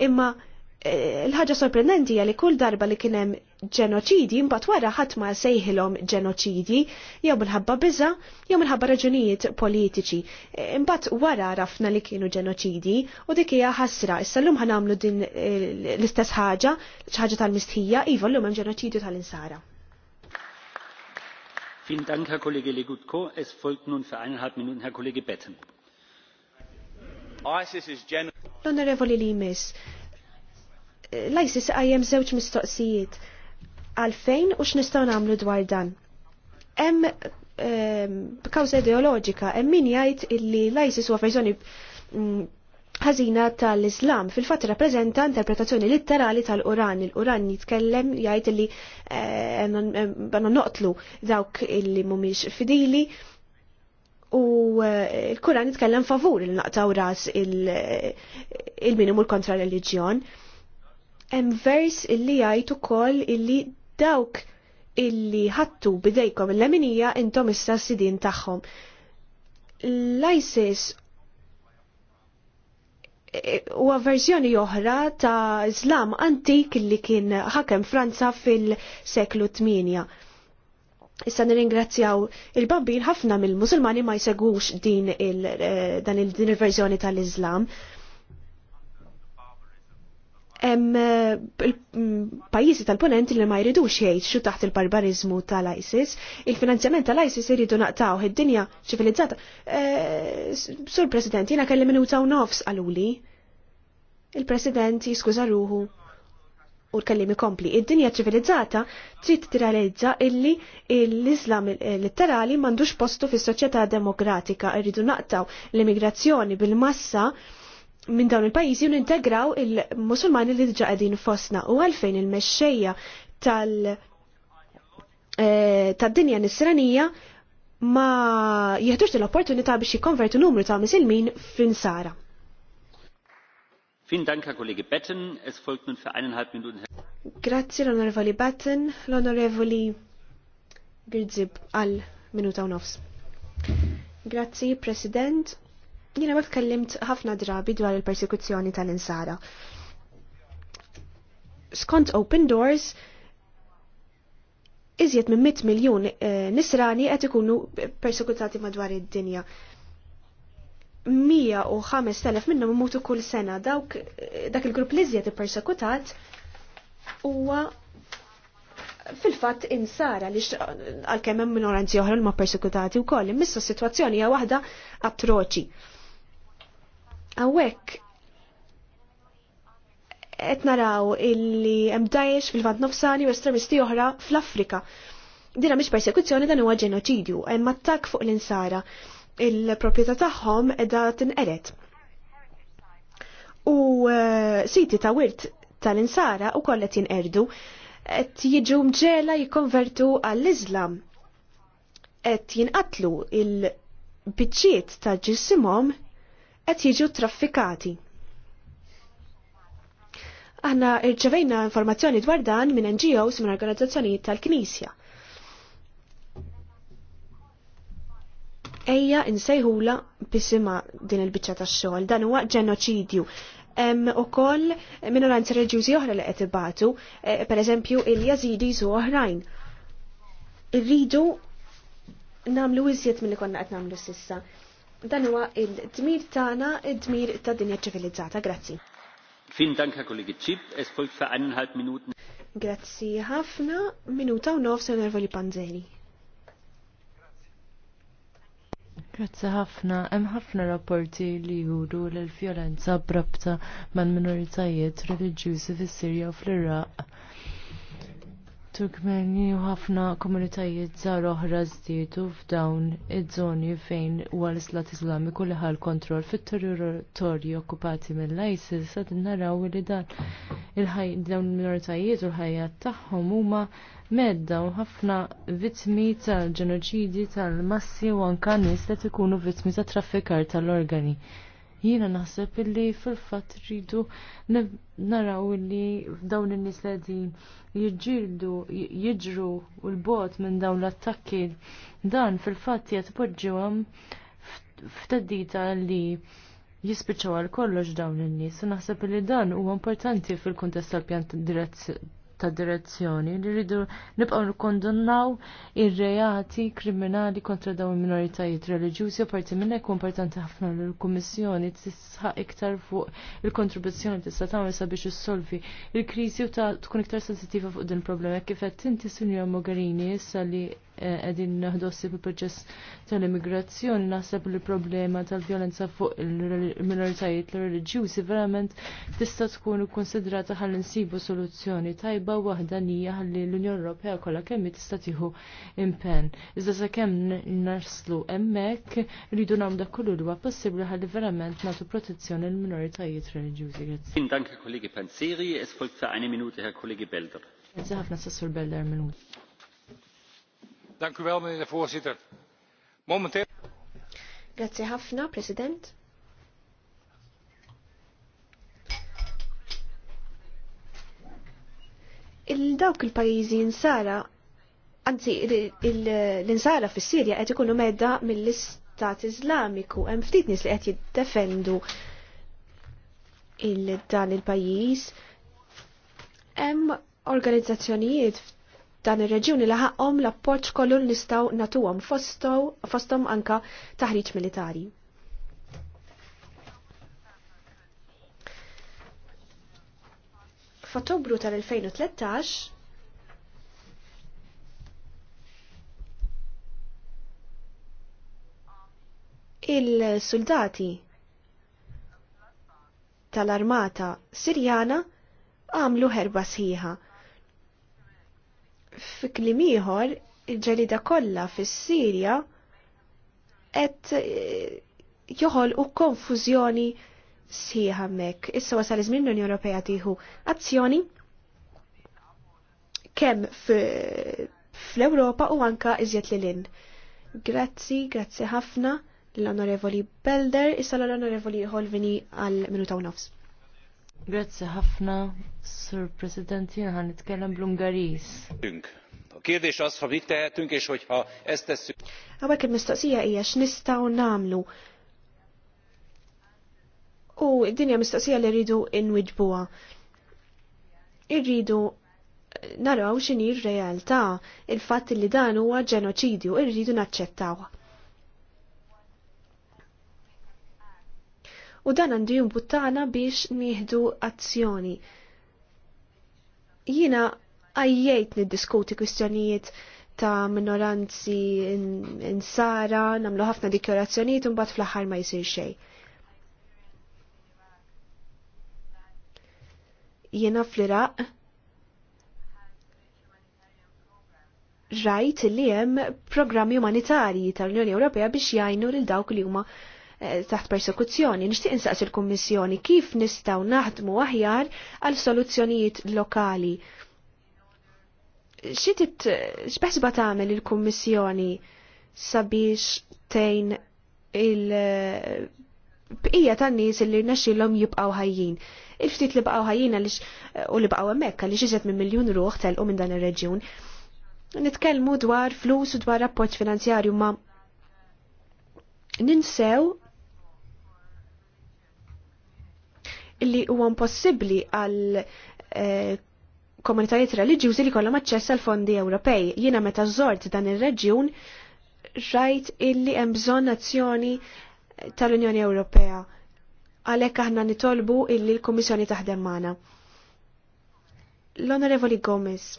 imma eh, l-ħaġa sorprendenti li kull darba li kien hemm ġenoċidi mbagħad wara ħadd ma sejħilhom ġenoċidi jew minħabba biża jew minħabba raġunijiet politiċi. Imbagħad eh, wara rafna li kienu ġenoċidi u dik hija ħasra. Issa llum ħanamlu din l-istess ħaġa, xi ħaġa tal-mistħija, iva llum hemm ġenoċidju tal-insara. L-Onorevoli Limis, l-ISIS għajem zewċ mistoqsijiet. Għalfejn u x'nistgħu nagħmlu dwar dan? Hemm b'kawża ehm, ideoloġika, hemm min jgħid illi l-ISIS huwa verżjoni ħażina tal-Islam. Fil-fatt rappreżenta interpretazzjoni litterali tal-Quran. Il-Quran jitkellem jgħid li banna eh, eh, noqtlu dawk illi mhumiex fidili u eh, il-Quran jitkellem favur il-naqtaw ras il il kontra reliġjon. Hemm vers illi jgħid ukoll illi dawk illi ħattu bidejkom il-leminija intom issa sidin tagħhom l-ISIS u verżjoni oħra ta' Islam antik li kien ħakem Franza fil-seklu 8. Issa nirringrazzjaw il bambin ħafna mill-Musulmani ma jsegwux din eh, il-verżjoni tal-Islam. Eh, il-pajjiżi mm, tal-ponent li ma jridux xu taħt il-barbarizmu tal-ISIS, il-finanzjament tal-ISIS jridu naqtaw id-dinja ċivilizzata. Eh, sur President, jiena kelli minuta u nofs għaluli. Il-President jiskuża ruħu u l-kellimi kompli. Id-dinja ċivilizzata trid tiralizza illi l-Islam litterali m'għandux postu fis-soċjetà demokratika, irridu naqtaw l-immigrazzjoni bil-massa minn dawn il-pajjiżi nintegraw il-Musulmani li diġa qegħdin fostna u għalfejn il-mexxejja tal- eh, tad-dinja nisranija ma jieħdux l-opportunità biex jikkonvertu numru ta' misilmin f'insara. Vielen Dank, Herr Kollege Betten. Es folgt nun für eineinhalb Minuten Herr. Grazie, l'onorevoli Betten. L'onorevoli Girzib għal minuta u nofs. Grazie, President. Jiena ma tkellimt ħafna drabi dwar il-persekuzzjoni tal-insara. Skont Open Doors, iżjed minn 100 miljun eh, nisrani qed ikunu persekutati madwar id-dinja. 105.000 minnhom imutu kull sena dawk eh, dak il-grupp li iżjed ippersekutat huwa fil-fatt insara li għalkemm hemm minoranzi oħra ma persekutati wkoll, imissa s-sitwazzjoni hija waħda atroċi. Għawek, qed naraw illi hemm Daesh fil-Vant Nofsani u estremisti oħra fl-Afrika. Dina mhix persekuzzjoni dan huwa ġenoċidju, hemm attakk fuq l-insara. Il-proprjetà tagħhom qiegħda tinqeret. U eh, siti ta' wirt tal-insara u kollet jinqerdu qed jiġu mġela jikkonvertu għall-Iżlam. Qed jinqatlu il-biċċiet ta' ġissimhom qed jiġu traffikati. Aħna rċevejna informazzjoni dwar dan minn NGOs minn organizzazzjonijiet tal-Knisja. Ejja insejħula bisima din il-biċċa tax-xogħol dan huwa ġenoċidju hemm ukoll minoranzi reġjużi oħra li qed ibatu, eh, pereżempju il-Jażidis u oħrajn. Irridu nagħmlu iżjed milli konna qed nagħmlu sissa dan huwa il-dmir tagħna, id-dmir ta' dinja ċivilizzata. Grazzi. Fin danka kollegi ċib, esfolk fa' folgt minut. Grazzi ħafna, minuta u nofs nervoli panzeri. Grazzi ħafna, hemm ħafna rapporti li juru l fjolenza abrupta mal minoritajiet reliġjużi fis-Sirja u fl-Iraq Turkmeni u ħafna komunitajiet żgħar oħra żdiedu f'dawn iż-żoni fejn huwa l-Islat Iżlamiku li ħal kontroll fit-territorji okkupati mill-ISIS qed naraw li dan dawn il-minoritajiet u l-ħajja tagħhom huma medda u ħafna vittmi tal-ġenoċidi tal-massi u anka nies qed ikunu vittmi ta' traffikar tal-organi Jiena naħseb illi fil-fatt rridu naraw illi dawn in-nies li qegħdin jiġġieldu u l bot minn dawn l-attakki dan fil-fatt qed ipoġġihom f'teddita li jispiċċaw għal kollox dawn in-nies. Naħseb illi dan huwa importanti fil-kuntest tal ta' direzzjoni li rridu nibqgħu nikkondonnaw ir-reati kriminali kontra dawn minoritajiet reliġjużi parti minn hekk importanti ħafna li l-Kummissjoni tisħaq iktar fuq il-kontribuzzjoni tista' tagħmel sabiex issolvi il-kriżi u ta' tkun iktar sensittiva fuq din il-problema kif qed inti Sinjor Mogherini issa li qegħdin naħdossi fil-proċess tal-immigrazzjoni naħseb li problema tal-vjolenza fuq il-minoritajiet reliġjużi verament tista' tkun ikkonsidrata ħalli nsibu soluzzjoni tajba waħda nija ħalli l-Unjoni Ewropea kollha kemm tista' tieħu impenn. Iżda sakemm naslu hemmhekk rridu nagħmlu dak kollu li huwa possibbli ħalli verament nagħtu protezzjoni l-minoritajiet reliġjużi. Danke kollegi Panzeri, es folgt für eine Minute Herr Kollege Belder. Grazie ħafna das Belder Minute. Grazie ħafna, President. Il-dawk il-pajizi insara, anzi, l-insara fis sirja qed ikunu medda mill-Istat Islamiku, għem ftit nis li qed jiddefendu il-dan il pajiz għem organizzazzjonijiet dan ir-reġjuni laħaqhom l-appoġġ kollu li nistgħu natuhom fosthom anka taħriġ militari. F'Ottubru tal-2013 il-soldati tal-armata Sirjana għamlu herba sħiħa fi klim ieħor il-ġelida kollha fis-Sirja qed eh, joħolqu konfużjoni sħiħa hemmhekk. Issa wasal iż-żmien l-Unjoni Ewropea tieħu azzjoni kemm fl-Ewropa u anka iżjed lilin. Grazzi, grazzi ħafna l-Onorevoli Belder, issa l-Onorevoli Holvini għal minuta u nofs. Grazie ħafna, Sir President, jien ħan nitkellem bl-Ungaris. A kérdés az, ha mit tehetünk, és hogyha ezt tesszük. A Għawek il-mistoqsija hija x'nistgħu namlu. U id-dinja mistoqsija li rridu inwiġbuha. Irridu naraw x'inhi r-realtà, il-fatt li dan huwa ġenoċidju, irridu naċċettawha. u dan għandu jimbuttana biex nieħdu azzjoni. Jina għajjejt niddiskuti kwistjonijiet ta' minoranzi insara, in namlu ħafna dikjorazzjonijiet un bat fl-ħar ma jisir xej. Jena fl-Iraq rajt li hemm programmi umanitarji tal-Unjoni Ewropea biex jgħinu lil dawk li huma Eh, taħt persekuzzjoni. Nixtieq insaqs il-Kummissjoni kif nistgħu naħdmu aħjar għal soluzzjonijiet lokali. Xitit x'beħsba tagħmel il-Kummissjoni sabiex tejn il- bqija tan-nies li rnexxilhom jibqgħu ħajjin il-ftit li bqgħu ħajjin għaliex eh, u li bqgħu hemmhekk għaliex iżjed minn miljun ruħ telqu minn dan ir-reġjun. Nitkellmu dwar flus u dwar rapport finanzjarju ma ninsew li huwa impossibbli għal eh, komunitajiet reliġjużi li kollhom aċċess għal fondi Ewropej. Jiena meta żort dan ir-reġjun rajt illi hemm bżonn azzjoni tal-Unjoni Ewropea. Għalhekk aħna nitolbu illi l-Kummissjoni taħdem magħna. L-Onorevoli Gomez.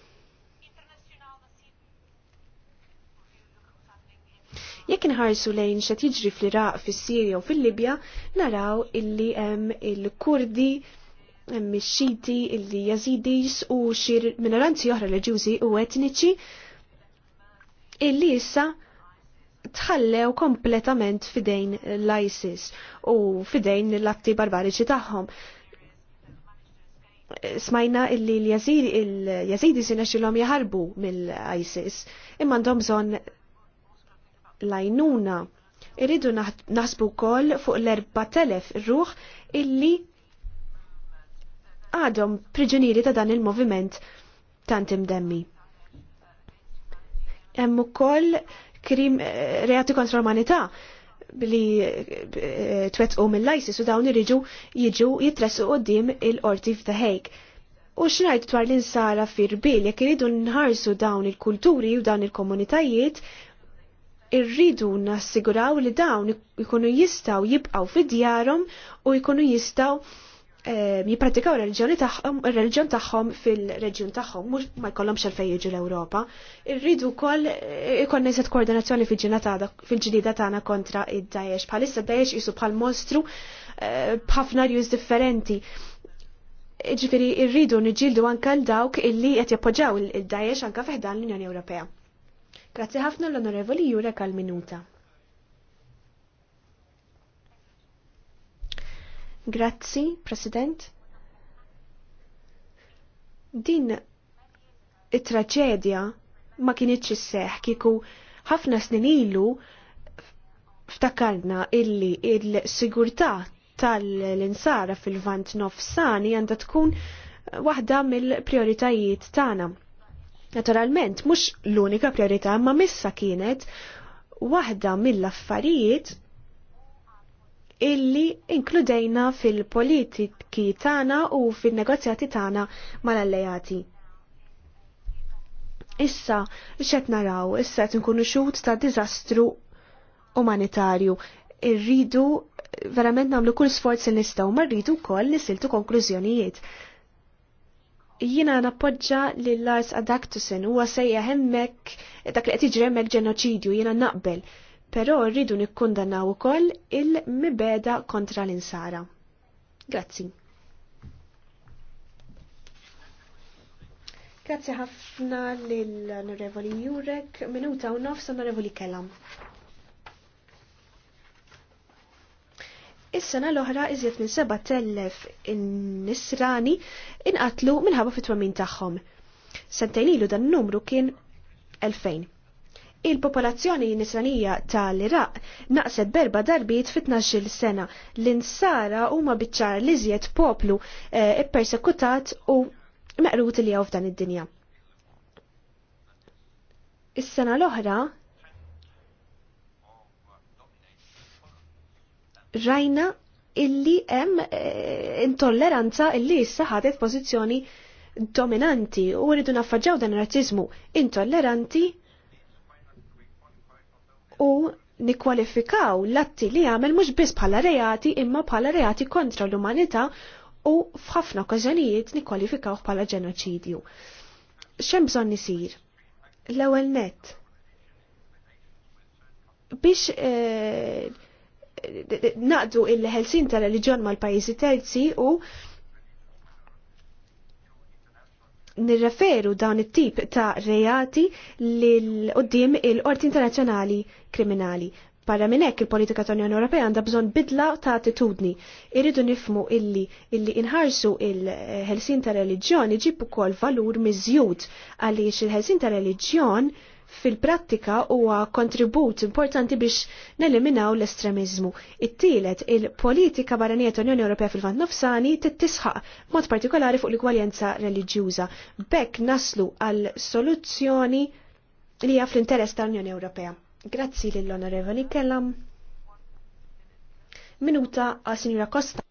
Jekk inħarsu lejn xed jiġri fl-Iraq, fis-Sirja u fil-Libja, naraw illi hemm il-Kurdi hemm xiti il-Jazidis u xi minoranzi oħra reliġjużi u etniċi illi issa tħallew kompletament fidejn l-ISIS u fidejn l-atti barbariċi tagħhom. Smajna illi l-Yazidis il jaħarbu mill-ISIS imma għandhom bżonn lajnuna. Irridu naħsbu kol fuq l-4000 ruħ illi għadhom priġunieri ta' dan il-moviment tant imdemmi. Hemm ukoll krim eh, reati kontra l-umanità li eh, twetqu mill-ISIS u dawn iriġu jiġu jitressu qoddim il-qorti f'The Hague. U xnajt dwar l-insara firbil jekk iridu nħarsu dawn il-kulturi u dawn il-komunitajiet irridu nassiguraw li dawn ikunu jistaw jibqaw fi djarom u jkunu jistaw e, eh, jipratikaw il-reġjon tagħhom fil-reġjun tagħhom mhux ma jkollhomx għalfejn jiġu l-Ewropa. Irridu wkoll eh, ikollna jset koordinazzjoni fil-ġdida tagħna kontra id-Daesh. Bħalissa Daesh jisu bħal mostru eh, b'ħafna rjus differenti ġifiri irridu niġġieldu anke dawk illi qed jappoġġaw il-Daesh anke fiħdan l-Unjoni Ewropea. Grazzi ħafna l-Onorevoli Jurek għal minuta. Grazzi, President. Din it-traċedja ma kienieċ isseħ kieku ħafna snin ilu ftakarna illi il-sigurtà tal-insara fil-vant nofsani għandha tkun waħda mill-prioritajiet tagħna. Naturalment, mhux l-unika priorità ma missa kienet waħda mill-affarijiet illi inkludejna fil-politiki tagħna u fin-negozjati tagħna mal-allejati. Issa, xet naraw, issa qed nkunu xut ta' diżastru umanitarju. Irridu verament nagħmlu kull sforz il nistgħu ma rridu wkoll nisiltu konklużjonijiet. Jina nappoġġa li Lars Adaktusen huwa sejja hemmek dak li qed jiġri hemmhekk ġenoċidju jiena naqbel, però rridu nikkundannaw ukoll il-mibeda kontra l-insara. Grazzi. Grazzi ħafna lill onorevoli Jurek, minuta u nofs onorevoli Kellam. Is-sena l-oħra iżjed minn 7,000 in-nisrani inqatlu minħabba fit-twamin tagħhom. Sentejn ilu dan numru kien 2000. Il-popolazzjoni nisranija tal-Iraq naqset berba darbit fit il sena l-insara huma biċċar li iżjed poplu eh, ppersekutat u meqrut li f'dan id-dinja. Is-sena l-oħra rajna illi hemm eh, intolleranza illi issa ħadet pożizzjoni dominanti u rridu naffaġġaw dan razzizmu intolleranti u nikkwalifikaw l-atti li għamel mhux biss bħala reati imma bħala reati kontra l-umanità u f'ħafna okkażjonijiet nikkwalifikaw bħala ġenoċidju. X'hemm bżonn isir? L-ewwel net biex eh, naqdu il-ħelsin tal-reliġjon mal-pajjiżi terzi u nirreferu dawn it-tip ta' reati l qoddim il-Qorti Internazzjonali Kriminali. Barra minn hekk il-politika ta' Unjoni Ewropea għandha bżonn bidla ta' attitudni. Irridu nifmu illi illi inħarsu il-ħelsin ta' reliġjon iġib ukoll valur miżjud għaliex il-ħelsin ta' reliġjon fil-prattika huwa kontribut importanti biex neliminaw l-estremizmu. It-tielet, il-politika baranijiet Unjoni Ewropea fil-Vant Nofsani tittisħaq mod partikolari fuq l-igwaljenza reliġjuża. Bekk naslu għal soluzzjoni li hija fl-interess tal-Unjoni Ewropea. Grazzi lill-Onorevoli Kellam. Minuta għal Sinjura Costa.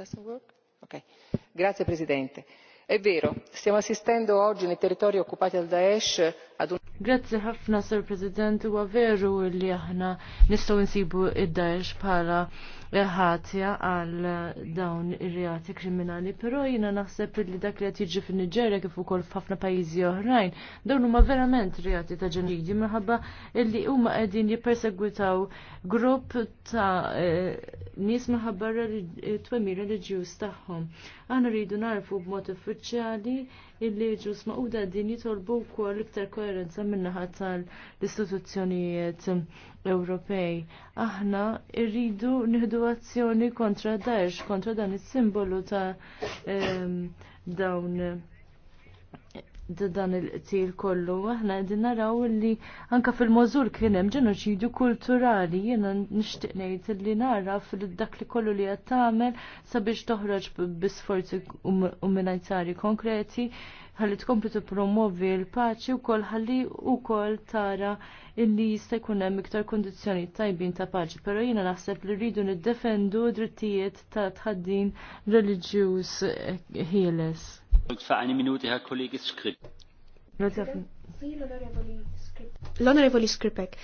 Doesn't work? signora presidente onorevoli colleghi è vero stiamo assistendo oggi nei territori occupati dal daesh ad un. grazie ħafna sur president huwa veru li aħna nistgħu nsibu id-daesh bħala ħatja għal dawn ir-reati kriminali, però jiena naħseb li dak li qed jiġi fin-Niġerja kif ukoll f'ħafna pajjiżi oħrajn, dawn huma verament reati ta' ġenidi minħabba illi huma qegħdin jippersegwitaw grupp ta' eh, nies minħabba twemmi reliġjuż tagħhom. Aħna rridu narfu b'mod uffiċjali illi ġus maquda din jitolbu wkoll iktar koerenza min-naħa tal-istituzzjonijiet Ewropej. Aħna rridu nieħdu azzjoni kontra Daesh, kontra dan is-simbolu ta' ehm, dawn dan il-qtil kollu. Aħna qegħdin naraw li anka fil-Możur kien hemm ġenoċidju kulturali. Jiena nixtieq ngħid li nara fil dak li kollu li qed tagħmel sabiex toħroġ bi sforzi um-, umanitarji konkreti ħalli tkompli tippromovi l-paċi wkoll ħalli wkoll tara illi jista' jkun hemm iktar kondizzjoni tajbin ta' paċi, però jiena naħseb li rridu niddefendu drittijiet ta' tħaddin reliġjuż ħieles. L-Onorevoli Skripek,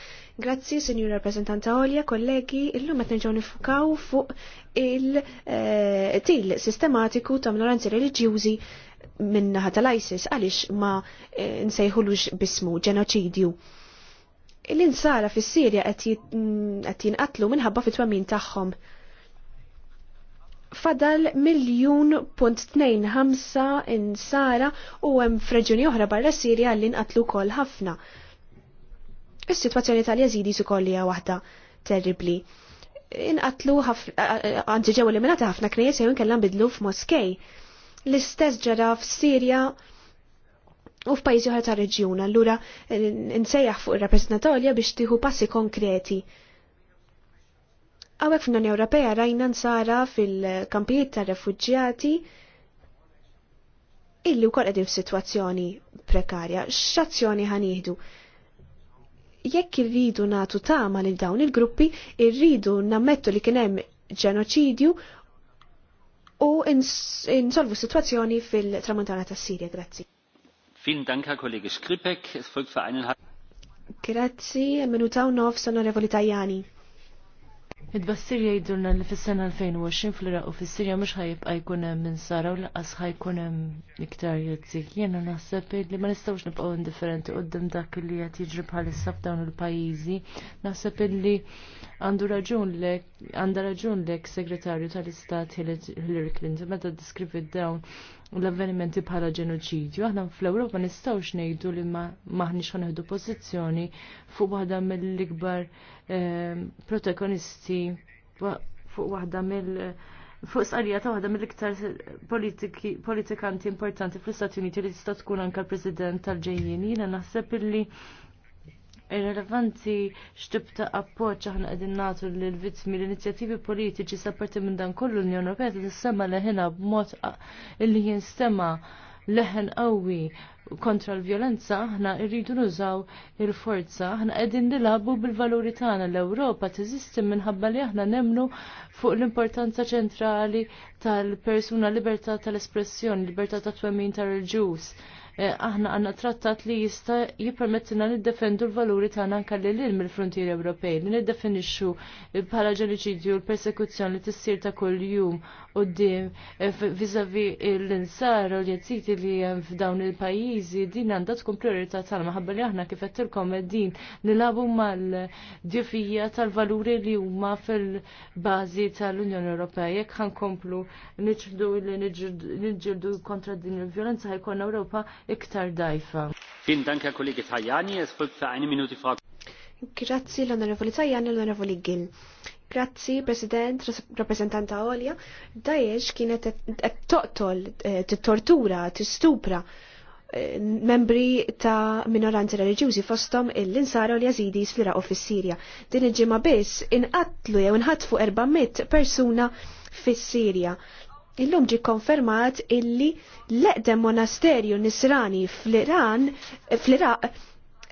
grazzi Sinjur Rappresentanta Olja, kollegi, illum qed nerġgħu nifukaw fuq il-til eh, sistematiku ta' minoranzi reliġjużi ħata tal-ISIS għalix ma eh, nsejħulux bismu ġenoċidju. L-insara fis sirja mm, qed jinqatlu minħabba fit twamin tagħhom. Fadal miljun punt tnejn ħamsa insara u hemm f'reġuni oħra barra Sirja li nqatlu kol ħafna. Is-sitwazzjoni tal-Jeżidi hija waħda terribli. Inqatlu ħafna eh, anzi ġew eliminati ħafna knejjes sejwin kellan bidlu f'moskej. moskej L-istess ġara f'Sirja u f'pajjiżi oħra ta' reġjun. Allura eh, nsejjaħ fuq ir-rappreżentatorja biex tieħu passi konkreti. Għawek f'Unjoni Ewropea rajna nsara fil-kampijiet ta' refuġġjati illi wkoll f f'sitwazzjoni prekarja. X'azzjoni ħanieħdu? jekk irridu natu tama lil dawn il-gruppi, irridu nammettu li kienem ġenoċidju u insolvu situazzjoni fil-tramuntana ta' Sirja. Grazzi. Fin danka kollegi Kollege Skripek. Es folgt für einen Grazzi, minuta u nof, onorevoli Tajani. Id-bassir jgħidulna li fis-sena 2020 fl-Iraq u fis-Sirja mhux ħajibqa' jkun hemm minn sara u laqas ħajkunem iktar jizzik. Jiena naħseb li ma nistgħux nibqgħu indifferenti quddiem dak li qed jiġri bħalissa f'dawn il-pajjiżi. Naħseb li għandu raġun lek, għandha raġun lek segretarju tal-Istat Hillary Clinton meta deskrivi dawn u l-avvenimenti bħala ġenoċidju. Aħna fl-Ewropa nistgħux ngħidu li maħniex ħaneħdu pożizzjoni fuq waħda mill-ikbar ehm, protagonisti fuq waħda mill- fuq sqarija ta' waħda mill-iktar politikanti importanti fl-Istati Uniti li tista' tkun anke l-President tal-ġejjin. Jiena naħseb illi irrelevanti x'tib ta' appoġġ aħna qegħdin nagħtu lill-vittmi l-inizjattivi politiċi sa parti minn dan kollu l-Unjoni Ewropea tissema leħinha b'mod illi jinstema' leħen qawwi kontra l-vjolenza, aħna irridu nużaw il-forza, aħna qegħdin nilabu bil-valuri tagħna l-Ewropa tiżisti minħabba li aħna nemnu fuq l-importanza ċentrali tal-persuna libertà tal-espressjoni, libertà ta' twemmin tal-reġus, Eh, aħna għanna trattat li jista jippermettina niddefendu l-valuri ta' anke lil mill-frontieri Ewropej li niddefendixxu bħala ġenicidju l-persekuzzjoni li tissir ta' kuljum qudiem eh, vizavi l insar u l-jazziti li hemm f'dawn il-pajjiżi din għandha tkun priorità tal maħabba li aħna kif qedtilkom din nilabu mal-djufija tal-valuri li huma fil-bażi tal-Unjoni Ewropea. Jekk ħankomplu niġġdu li niġġieldu kontra din il-vjolenza ħajkun Ewropa iktar dajfa. Vielen Dank, Herr Kollege Tajani. Es folgt für eine Minute Frau. Grazzi l-Onorevoli Tajjan l-Onorevoli Gil. Grazzi, President, rappresentanta Olja. Daesh kienet toqtol, eh, t-tortura, t-stupra eh, membri ta' minoranzi reliġjużi fostom il-linsara u l-jazidis fl u fis-Sirja. Din il-ġimgħa biss inqatlu jew inħatfu 400 persuna fis-Sirja. Illum ġi konfermat illi l-eqdem monasterju nisrani fl-Iran eh, fl-Iraq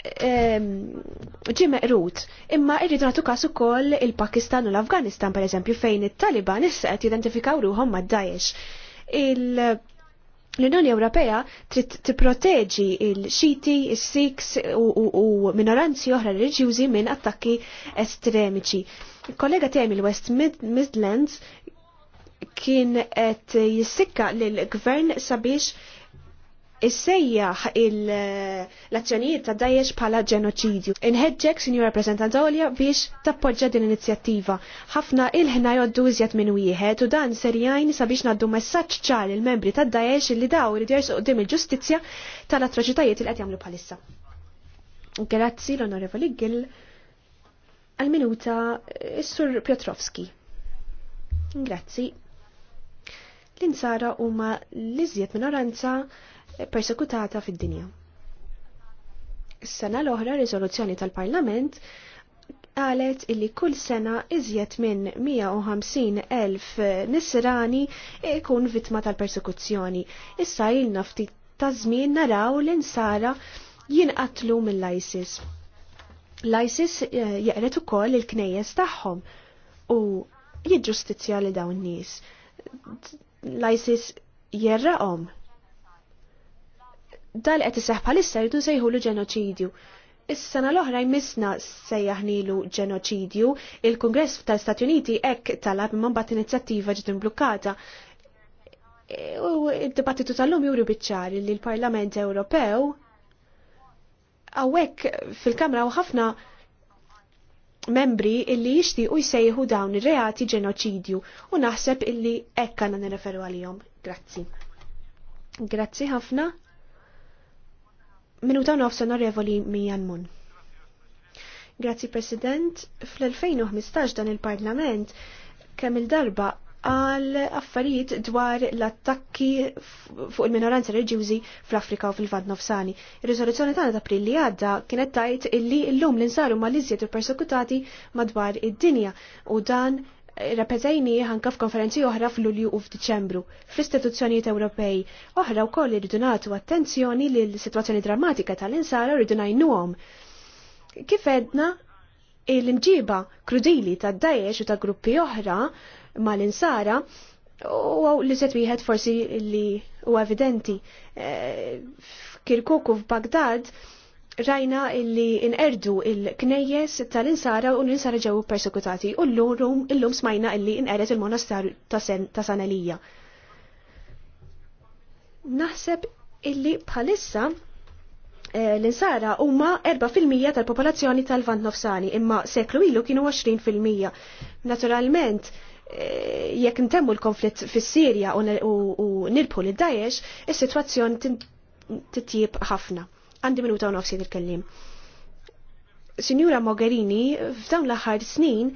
ġi meqrut, imma irrid nagħtu każ ukoll il-Pakistan u l-Afganistan pereżempju fejn it-Taliban issa qed jidentifikaw ruhom mad-Daesh. L-Unjoni Ewropea trid tipproteġi il-Xiti, is-Sikhs u minoranzi oħra reliġjużi minn attakki estremiċi. Kollega tiegħi mill west Midlands kien qed jissikka lill-gvern sabiex issejjaħ eh, l-azzjonijiet ta' Daesh bħala ġenoċidju. Inħeġġek, Sinjora Rappresentant Olja, biex tappoġġa din l-inizjattiva. Ħafna il-ħna joddu iżjed minn wieħed u dan serjajn sabiex naddu messaġġ ċar il-membri ta' Daesh li daw irid jersu qudiem il-ġustizzja tal-atroċitajiet li qed jagħmlu bħalissa. Grazzi l-Onorevoli Gill għal-minuta s-Sur eh, Piotrowski. Grazzi. L-insara huma l-iżjed minoranza persekutata fid-dinja. Is-sena l-oħra riżoluzzjoni tal-Parlament għalet illi kull sena iżjed minn 150 elf nisrani ikun vittma tal-persekuzzjoni. Issa jilna ftit ta' żmien naraw l-insara jinqatlu mill-ISIS. L-ISIS eh, jaqret ukoll il-knejjes tagħhom u jiġġustizzja li dawn nies. L-ISIS jerraqhom dal qed iseħħ bħalissa jridu sejħulu ġenoċidju. Is-sena l-oħra jmissna sejjaħnilu ġenoċidju, il-Kongress tal-Stati Uniti hekk talab imman bat inizjattiva ġdin blokkata. E, u id-dibattitu tal-lum juri biċċari li l-Parlament Ewropew għawek fil-Kamra u ħafna membri illi jixtiequ jsejħu dawn ir-reati ġenoċidju u naħseb illi hekk għandna nirreferu għalihom. Grazzi. Grazzi ħafna. Minuta nofs Onorevoli Mijan Mun. Grazzi President, fl-2015 dan il-Parlament kemm il-darba għal affarijiet dwar l-attakki fuq il-minoranza reġjużi fl-Afrika u fil-Vad Nofsani. Ir-riżoluzzjoni tagħna ta' April li għadda kienet tajt illi llum l-insaru ma' liżjed u persekutati madwar id-dinja u dan rappeżajni ħanka f'konferenzi oħra f'Lulju u f'Diċembru fl-istituzzjonijiet Ewropej. Oħra wkoll irridu nagħtu attenzjoni lil sitwazzjoni drammatika tal-insara rridu ngħinuhom. Kif edna l-imġiba krudili ta' Daesh u ta' gruppi oħra mal-insara u li set wieħed forsi li eh, u evidenti. Kirkuku f'Bagdad rajna illi inqerdu il-knejjes tal-insara u l-insara ġewu persekutati u l-lum illum smajna illi inqered il-monastar ta' Sanalija. Naħseb illi bħalissa eh, l-insara huma 4% tal-popolazzjoni tal-Vant Nofsani imma seklu ilu kienu 20%. Naturalment, eh, jekk ntemmu l-konflitt fis-Sirja u nilpu l-Daesh, is-sitwazzjoni titjib ħafna. Għandi minuta u nofsi il-kellim. Signora Mogherini, f'dawn l-aħħar snin,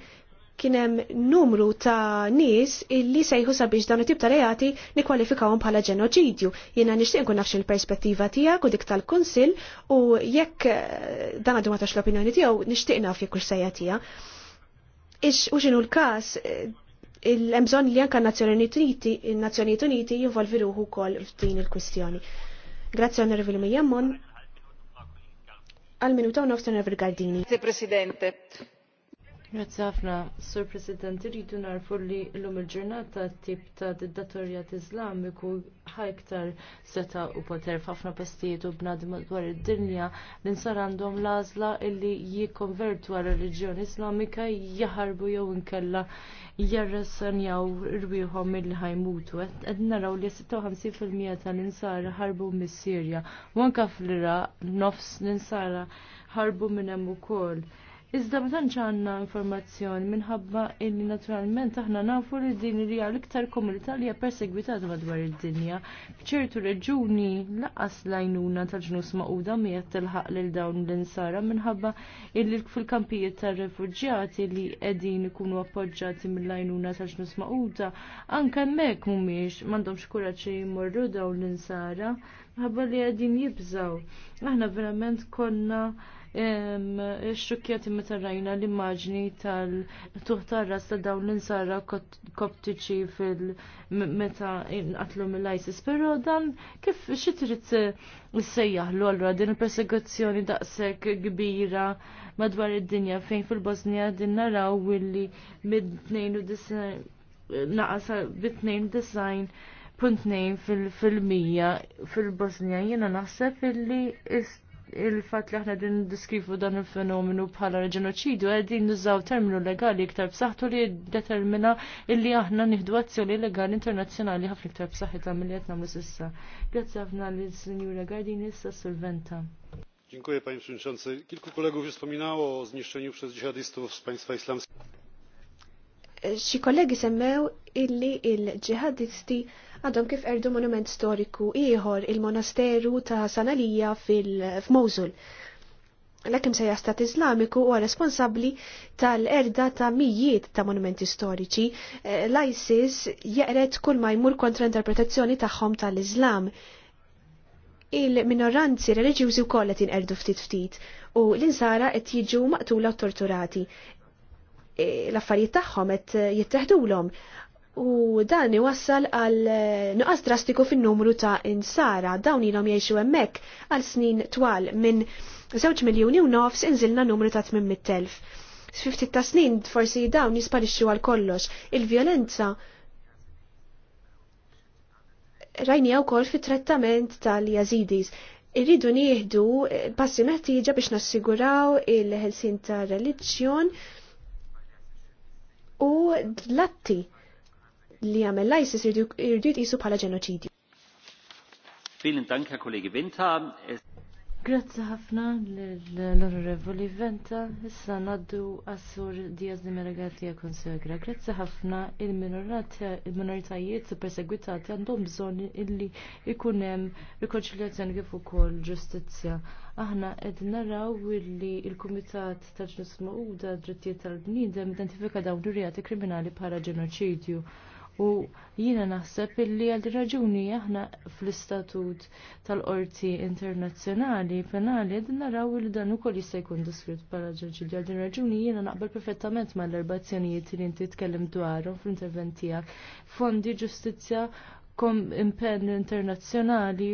kienem numru ta' nis illi sejħu sabiex dawn it-tip ta' reati nikwalifikawhom bħala ġenoċidju. Jiena nixtieq nkun nafx il-perspettiva tiegħek u dik tal-Kunsill u jekk eh, dan għadu ma tax l-opinjoni tiegħu nixtieq naf jekk sejja tiegħek. Ix u x'inhu l-każ eh, hemm bżonn li anke n-Nazzjonijiet Uniti jinvolvi ruħu wkoll f'din il-kwistjoni. Grazzi Onorevoli Mijammon. Għal-minuta u nofsen Gardini. Grazie, Presidente. Grazie ħafna, Sur President, irridu narfu li l-lum il-ġurnata tip ta' dittatorjat Islamiku ħajktar seta' u poter f'ħafna pestijiet u bnadi madwar id-dinja li nsar għandhom l-għażla illi jikkonvertu għal reliġjoni Islamika jaħarbu jew inkella jarrasanjaw rwieħhom mill ħajmutu. Qed naraw li 56% tal-insara ħarbu mis-Sirja. U anke fl-Iraq nofs l-insara ħarbu minn hemm ukoll. Iżda ma tantx għandna informazzjoni minħabba illi naturalment aħna nafu li din li hija l-iktar komunità li hija persegwitata madwar id-dinja. F'ċertu reġuni laqas lajnuna tal-ġnus maquda mija tilħaq lil dawn l-insara minħabba illi fil-kampijiet tar-refuġjati li qegħdin ikunu appoġġjati mill-lajnuna tal-ġnus maquda anke hemmhekk mhumiex m'għandhomx kuraġġ jmorru dawn l-insara minħabba li qegħdin jibżaw. Aħna verament konna xukjati meta rajna l-immaġni tal-tuħ ras ta' dawn l-insara koptiċi fil-meta inqatlu mill-ISIS. Pero dan kif xi trid l-għalra din il-perseguzzjoni daqsek kbira madwar id-dinja fejn fil-Bosnija din naraw willi mid-92 naqasa bit-92 punt nejn fil-mija fil-Bosnija jiena naħseb illi il-fat li aħna din diskrivu dan il-fenomenu bħala ġenoċidu għedin eh, nużaw terminu legali iktar b'saħħtu li determina illi aħna nieħdu azzjoni legali internazzjonali ħafna iktar b'saħħitha milli qed nagħmlu s'issa. Grazzi ħafna lil Sinjura Gardini issa Surventa. Dziękuję panie przewodniczący. Kilku kolegów już wspominało o zniszczeniu przez dżihadystów z państwa islamskiego. Xi e, kolegi semmew illi il-ġihadisti il ġihadisti għadhom kif erdu monument storiku ieħor il-monasteru ta' Sanalija fil-Mowzul. l sejja stat islamiku huwa responsabli tal-erda ta' mijiet ta' monumenti storiċi, eh, l-ISIS jeqret kull ma jmur kontra interpretazzjoni tagħhom tal-Islam. Il-minoranzi reliġjużi wkoll qed inqerdu ftit ftit u l-insara qed jiġu maqtula u torturati eh, l-affarijiet tagħhom qed jitteħdulhom U dan iwassal għal eh, nuqqas drastiku fin-numru ta' insara dawn ilhom jgħixu hemmhekk għal snin twal minn 2 miljuni u nofs inżilna numru ta' 800,000. Fiftit ta' snin forsi dawn jisparixxu għal kollox. Il-vjolenza rajnija wkoll fit-trattament tal jazidis Irridu nieħdu eh, passi meħtieġa biex nassiguraw il-ħelsin ta' reliġjon u l-latti li għamel l-ISIS irdu jitqisu bħala ġenoċidju. Vielen Dank, kollegi Venta. Grazzi ħafna l-Onorevoli Venta, issa naddu għassur Diaz de Meragatlia konsegra. Grazzi ħafna il-minoritajiet perseguitati għandhom bżon illi ikunem rikonċiljazzjoni kif ukoll ġustizzja. Aħna qed naraw illi il-Kumitat tal-Ġnus Mawda Drittijiet tal-Bniedem identifika dawn ir kriminali bħala ġenoċidju. U jina naħseb illi għal raġuni aħna fl-istatut tal-qorti internazzjonali penali għed naraw li dan ukoll jista' jkun diskrit bħala ġaġi għal din raġuni jina naqbel perfettament mal erbazzjonijiet li inti tkellem dwarhom fl interventijak tiegħek. Fondi ġustizzja kom impenn internazzjonali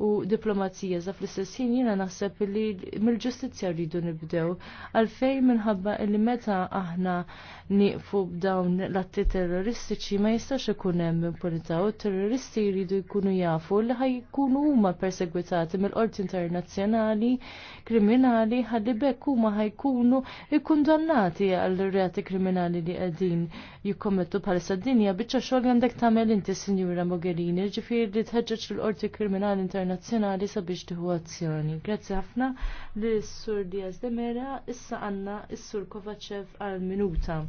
u diplomazija za fl-istess ħin jiena naħseb li mill-ġustizzja rridu nibdew għalfejn minħabba li meta aħna nieqfu b'dawn l-atti terroristiċi ma jistax ikun hemm impunità u terroristi jridu jkunu jafu li ħajkunu huma persegwitati mill-qorti internazzjonali kriminali ħalli bekk huma ħajkunu ikkundannati għal reati kriminali li qegħdin jikkommettu bħalissa d-dinja biċċa xogħol għandek tagħmel inti Sinjura Mogherini, ġifieri li tħeġġeġ lill qorti kriminali internazzjonali internazzjonali sabiex tieħu azzjoni. Grazzi ħafna li sur Diaz de Mera issa għandna s sur Kovacev għal minuta.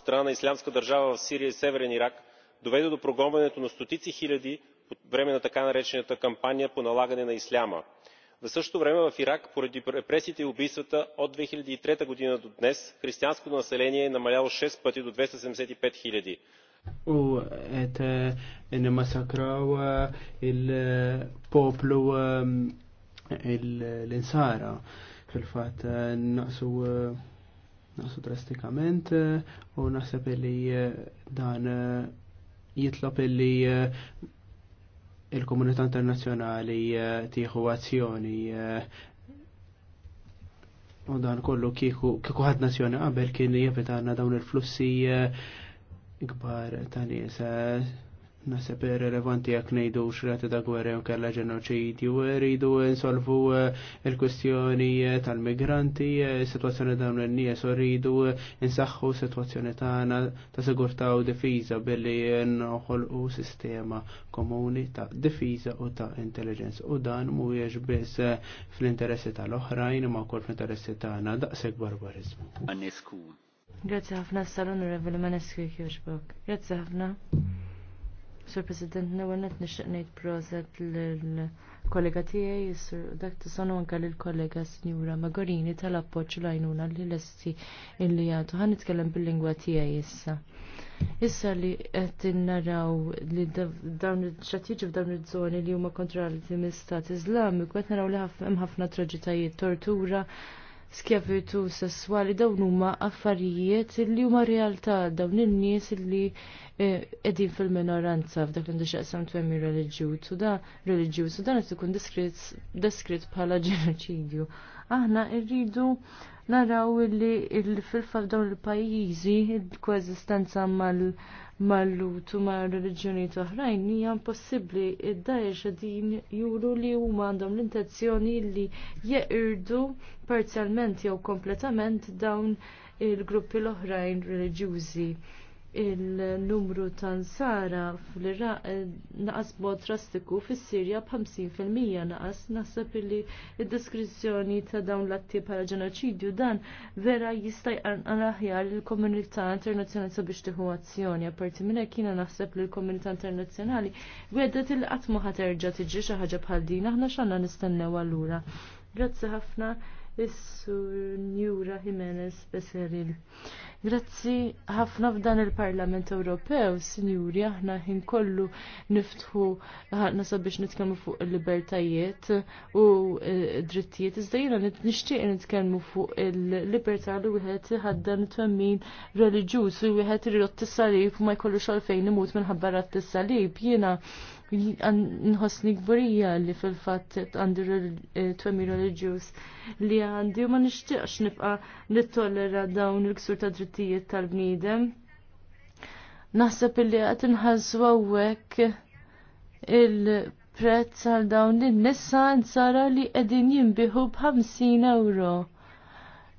страна на Ислямска държава в Сирия и Северен Ирак доведе до прогонването на стотици хиляди по време на така наречената кампания по налагане на исляма. В същото време в Ирак, поради репресиите и убийствата от 2003 година до днес, християнското население е намаляло 6 пъти до 275 хиляди. U et eh, n-massakraw eh, il-poplu eh, l-insara fil-fat naqsu naqsu drastikament u naħseb li dan jitlop li il-komunità internazjonali tieħu azzjoni u dan kollu kieku ħadd nazzjoni qabel kien għanna dawn il-flussi Kbar ta' nies eh, nasib relevanti jekk nejdu xrati ta' gwerra jew kellha ġenoċidju, rridu nsolvu eh, l-kwestjoni eh, tal-migranti, sitwazzjoni dawn in-nies u rridu nsaħħu sitwazzjoni tagħna ta' sigurta u difiza billi u sistema komuni ta' difiza u ta' intelligence u dan mhuwiex biss fl-interessi tal-oħrajn ma' kol fl-interessi tagħna daqshekk barbarizmu. Grazie ħafna sal-Onorevoli Manescu Kjoċbok. Grazie ħafna. Sur President, nawennet nixtieq ngħid prożet lill-kollega tiegħi, sur dak tisonu anke lill-kollega Sinjura Magorini tal-appoġġ l-għajnuna li lesti illi jagħtu. Ħa nitkellem bil-lingwa tiegħi issa. Issa li qed naraw li dawn x'qed jiġi f'dawn iż-żoni li huma kontra l-Istat Iżlamiku qed naraw li hemm ħafna traġitajiet, tortura, skjavitu sessuali dawn huma affarijiet li huma realtà dawn in-nies li eh, qegħdin fil-minoranza f'dak li xaqsam twemmi reliġjuż u da reliġjuż u dan qed ikun deskritt bħala <laughs> ġenoċidju. Aħna rridu naraw li fil-fatt dawn il-pajjiżi il-kweżistenza mal- mal-lut u mal-reliġjonijiet oħrajn hija impossibbli id-Daesh din juru li huma għandhom l-intenzjoni li jeqirdu parzjalment jew kompletament dawn il-gruppi l-oħrajn reliġjużi il-numru ta' nsara fl-Iraq eh, naqas b'mod drastiku fis-Sirja b'50% naqas naħseb li id-deskrizzjoni ta' dawn l-atti bħala ġenoċidju dan vera jista' jqarqan aħjar lill-komunità internazzjonali sabiex tieħu azzjoni. Apparti minn hekk jiena naħseb li l-komunità internazzjonali wieddet il qatt ma ħaterġa' tiġi xi ħaġa bħal din aħna x'għandna nistennew allura. Grazzi ħafna. Is-Sur Njura Jimenez Beseril. Grazzi ħafna f'dan il-Parlament Ewropew, sinjuri, aħna ħin kollu niftħu ħadna sabiex nitkellmu fuq il-libertajiet u e, drittijiet. Iżda jiena nixtieq nitkellmu fuq il-libertà li wieħed ħaddan twemmin reliġjuż u wieħed irid tissalib u ma jkollux għalfejn imut minħabba rat tissalib. Jiena nħossni gburija li fil-fatt għandi twemmi religjus li għandi u ma nixtieqx nibqa' nittollera dawn il-ksur ta' drittijiet tal-bniedem. Naħseb illi qed nħazzu hawnhekk il-prezz għal dawn in-nisa nsara li qegħdin jimbiħu b'50 euro.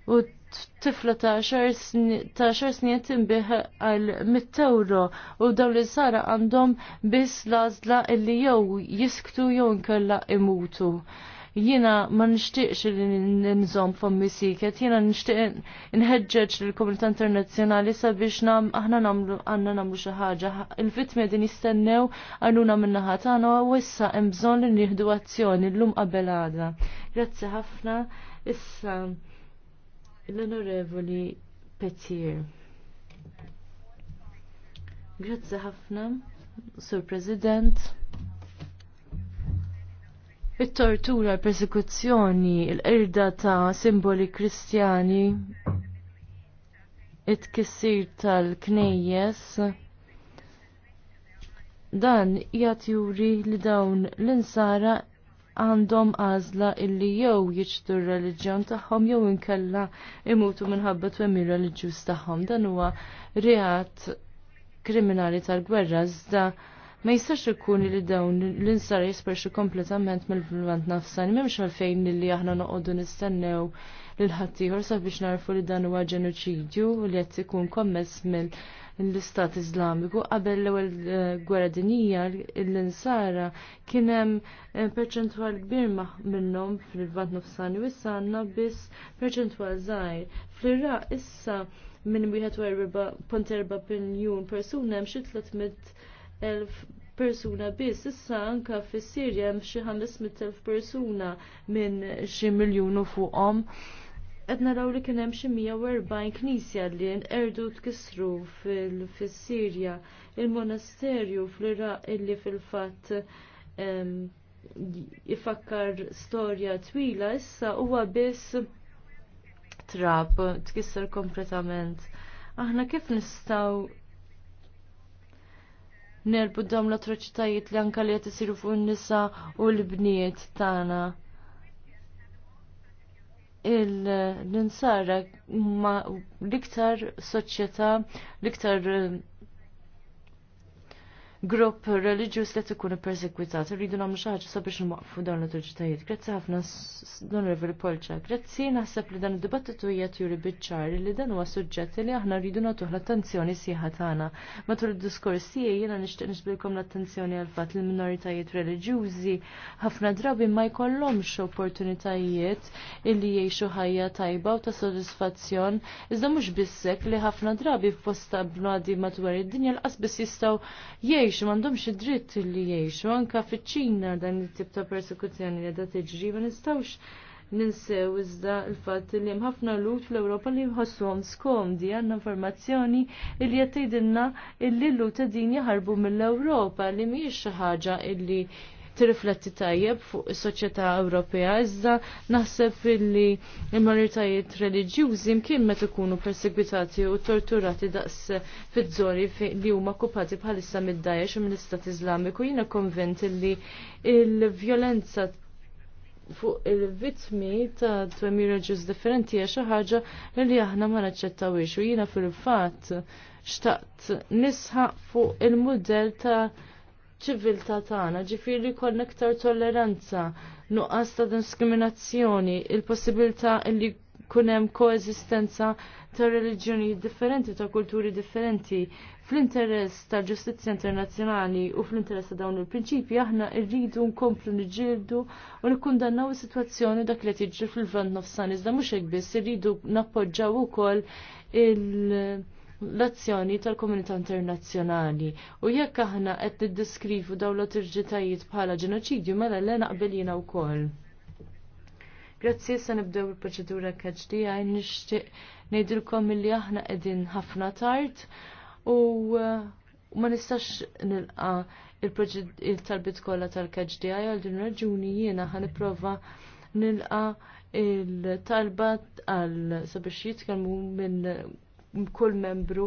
U tifla ta' xar snin timbiħ għal mittewro u dawn li sara għandhom biss lażla illi jew jisktu jew nkella imutu. Jiena ma nixtieqx li ninżom fommi siket, jiena nixtieq nħeġġeġ lill-komunità internazzjonali sabiex nam aħna nagħmlu għandna nagħmlu xi ħaġa. il vitmi din jistennew għalluna min-naħa tagħna u issa hemm bżonn li nieħdu azzjoni llum qabel għada. Grazzi ħafna. Issa l-Onorevoli Petier. Grazzi ħafna, Sur President. It-tortura, l-persekuzzjoni, l erda ta' simboli kristjani, it-kissir tal-knejjes, dan jgħat juri li dawn l-insara għandhom għażla illi jew jiġtu r-reliġjon tagħhom jew inkella imutu minħabba twemmi reliġjuż tagħhom. Dan huwa reat kriminali tal-gwerra iżda ma jistax ikun li dawn l-insar jispersu kompletament mill-vlant nafsani, memx għalfejn li aħna noqogħdu nistennew l-ħattijħor sabiex narfu li dan huwa ġenoċidju li qed ikun kommess mill l-Istat Islamiku qabel l-ewwel eh, gwerra dinija l-insara kien hemm eh, perċentwal kbir minnhom fil-Lvant Nofsani u issa għandna biss perċentwal żgħir. Fl-Iraq issa minn wieħed erba' miljun persuna hemm xi elf persuna biss issa anka fis-Sirja hemm xi elf persuna minn xi miljun u fuqhom qed naraw li kien hemm xi 140 knisja li erdu tkissru fis-Sirja il-monasterju fl-Iraq illi fil-fatt jifakkar storja twila issa huwa biss trap tkisser kompletament. Aħna kif nistgħu nerbu dawn l-atroċitajiet li anka li qed isiru fuq n nisa u l-bniet tagħna il-ninsara ma l-iktar soċjetà, l-iktar grupp religjus li tkun persekwitat. Rridu nagħmlu xi ħaġa sabiex nwaqfu dawn l-autoritajiet. Grazzi ħafna Don Rever Polċa. Grazzi naħseb li dan id-dibattitu hija juri biċċar li dan huwa suġġett li aħna rridu nagħtuh l-attenzjoni sieħa tagħna. Matul id-diskors tiegħi jiena nixtieq nixbilkom l-attenzjoni għal fatt li minoritajiet reliġjużi ħafna drabi ma jkollhomx opportunitajiet illi jgħixu ħajja tajba u ta' sodisfazzjon. Iżda mhux bissek li ħafna drabi f'posta bnadi madwar id-dinja l-qas biss jistgħu jgħixu jgħixu m'għandhomx id-dritt li jgħixu anke fiċ-Ċina dan it-tip ta' persekuzjoni li da' teġri, ma nistgħux ninsew iżda l-fatt li hemm ħafna lut fl-Ewropa li skom skomdi għandna informazzjoni li qed tgħidilna li l-lut din jaħarbu mill-Ewropa li mhijiex xi ħaġa illi tirrifletti tajjeb fuq is-soċjetà Ewropea iżda naħseb illi l-minoritajiet reliġjużi mkien meta ikunu persegwitati u torturati daqs fiż-żoni li huma okkupati bħalissa mid-Daesh u mill-Istat Iżlamiku jiena konvent illi il-vjolenza fuq il-vitmi ta' twemmi reġus differenti għaxa ħaġa li aħna ma naċċettawiex u jina fil-fat xtaqt nisħaq fuq il-modell ta' ċiviltà tagħna, ġifieri jkollna iktar tolleranza, nuqqas ta' diskriminazzjoni, il-possibilità li jkun hemm koeżistenza ta' reliġjoni differenti, ta' kulturi differenti. Fl-interess ta' ġustizzja internazzjonali u fl-interess ta' dawn il-prinċipji aħna rridu nkomplu niġġieldu u nikkundannaw is-sitwazzjoni dak li tiġri fil-vant nofsan iżda mhux hekk biss irridu nappoġġaw ukoll il- l-azzjoni tal-komunità internazzjonali u jekk aħna qed niddiskrivu dawn l-otirġitajiet bħala ġenoċidju mela le naqbel jiena wkoll. Grazzi issa nibdew il-proċedura kħedġdi għaj nixtieq ngħidilkom milli aħna qegħdin ħafna tard u ma nistax nilqa il-talbit kollha tal-kħedġdi għaj għal din raġuni jiena ħaniprofa nilqa il-talba għal sabiex jitkellmu minn kull membru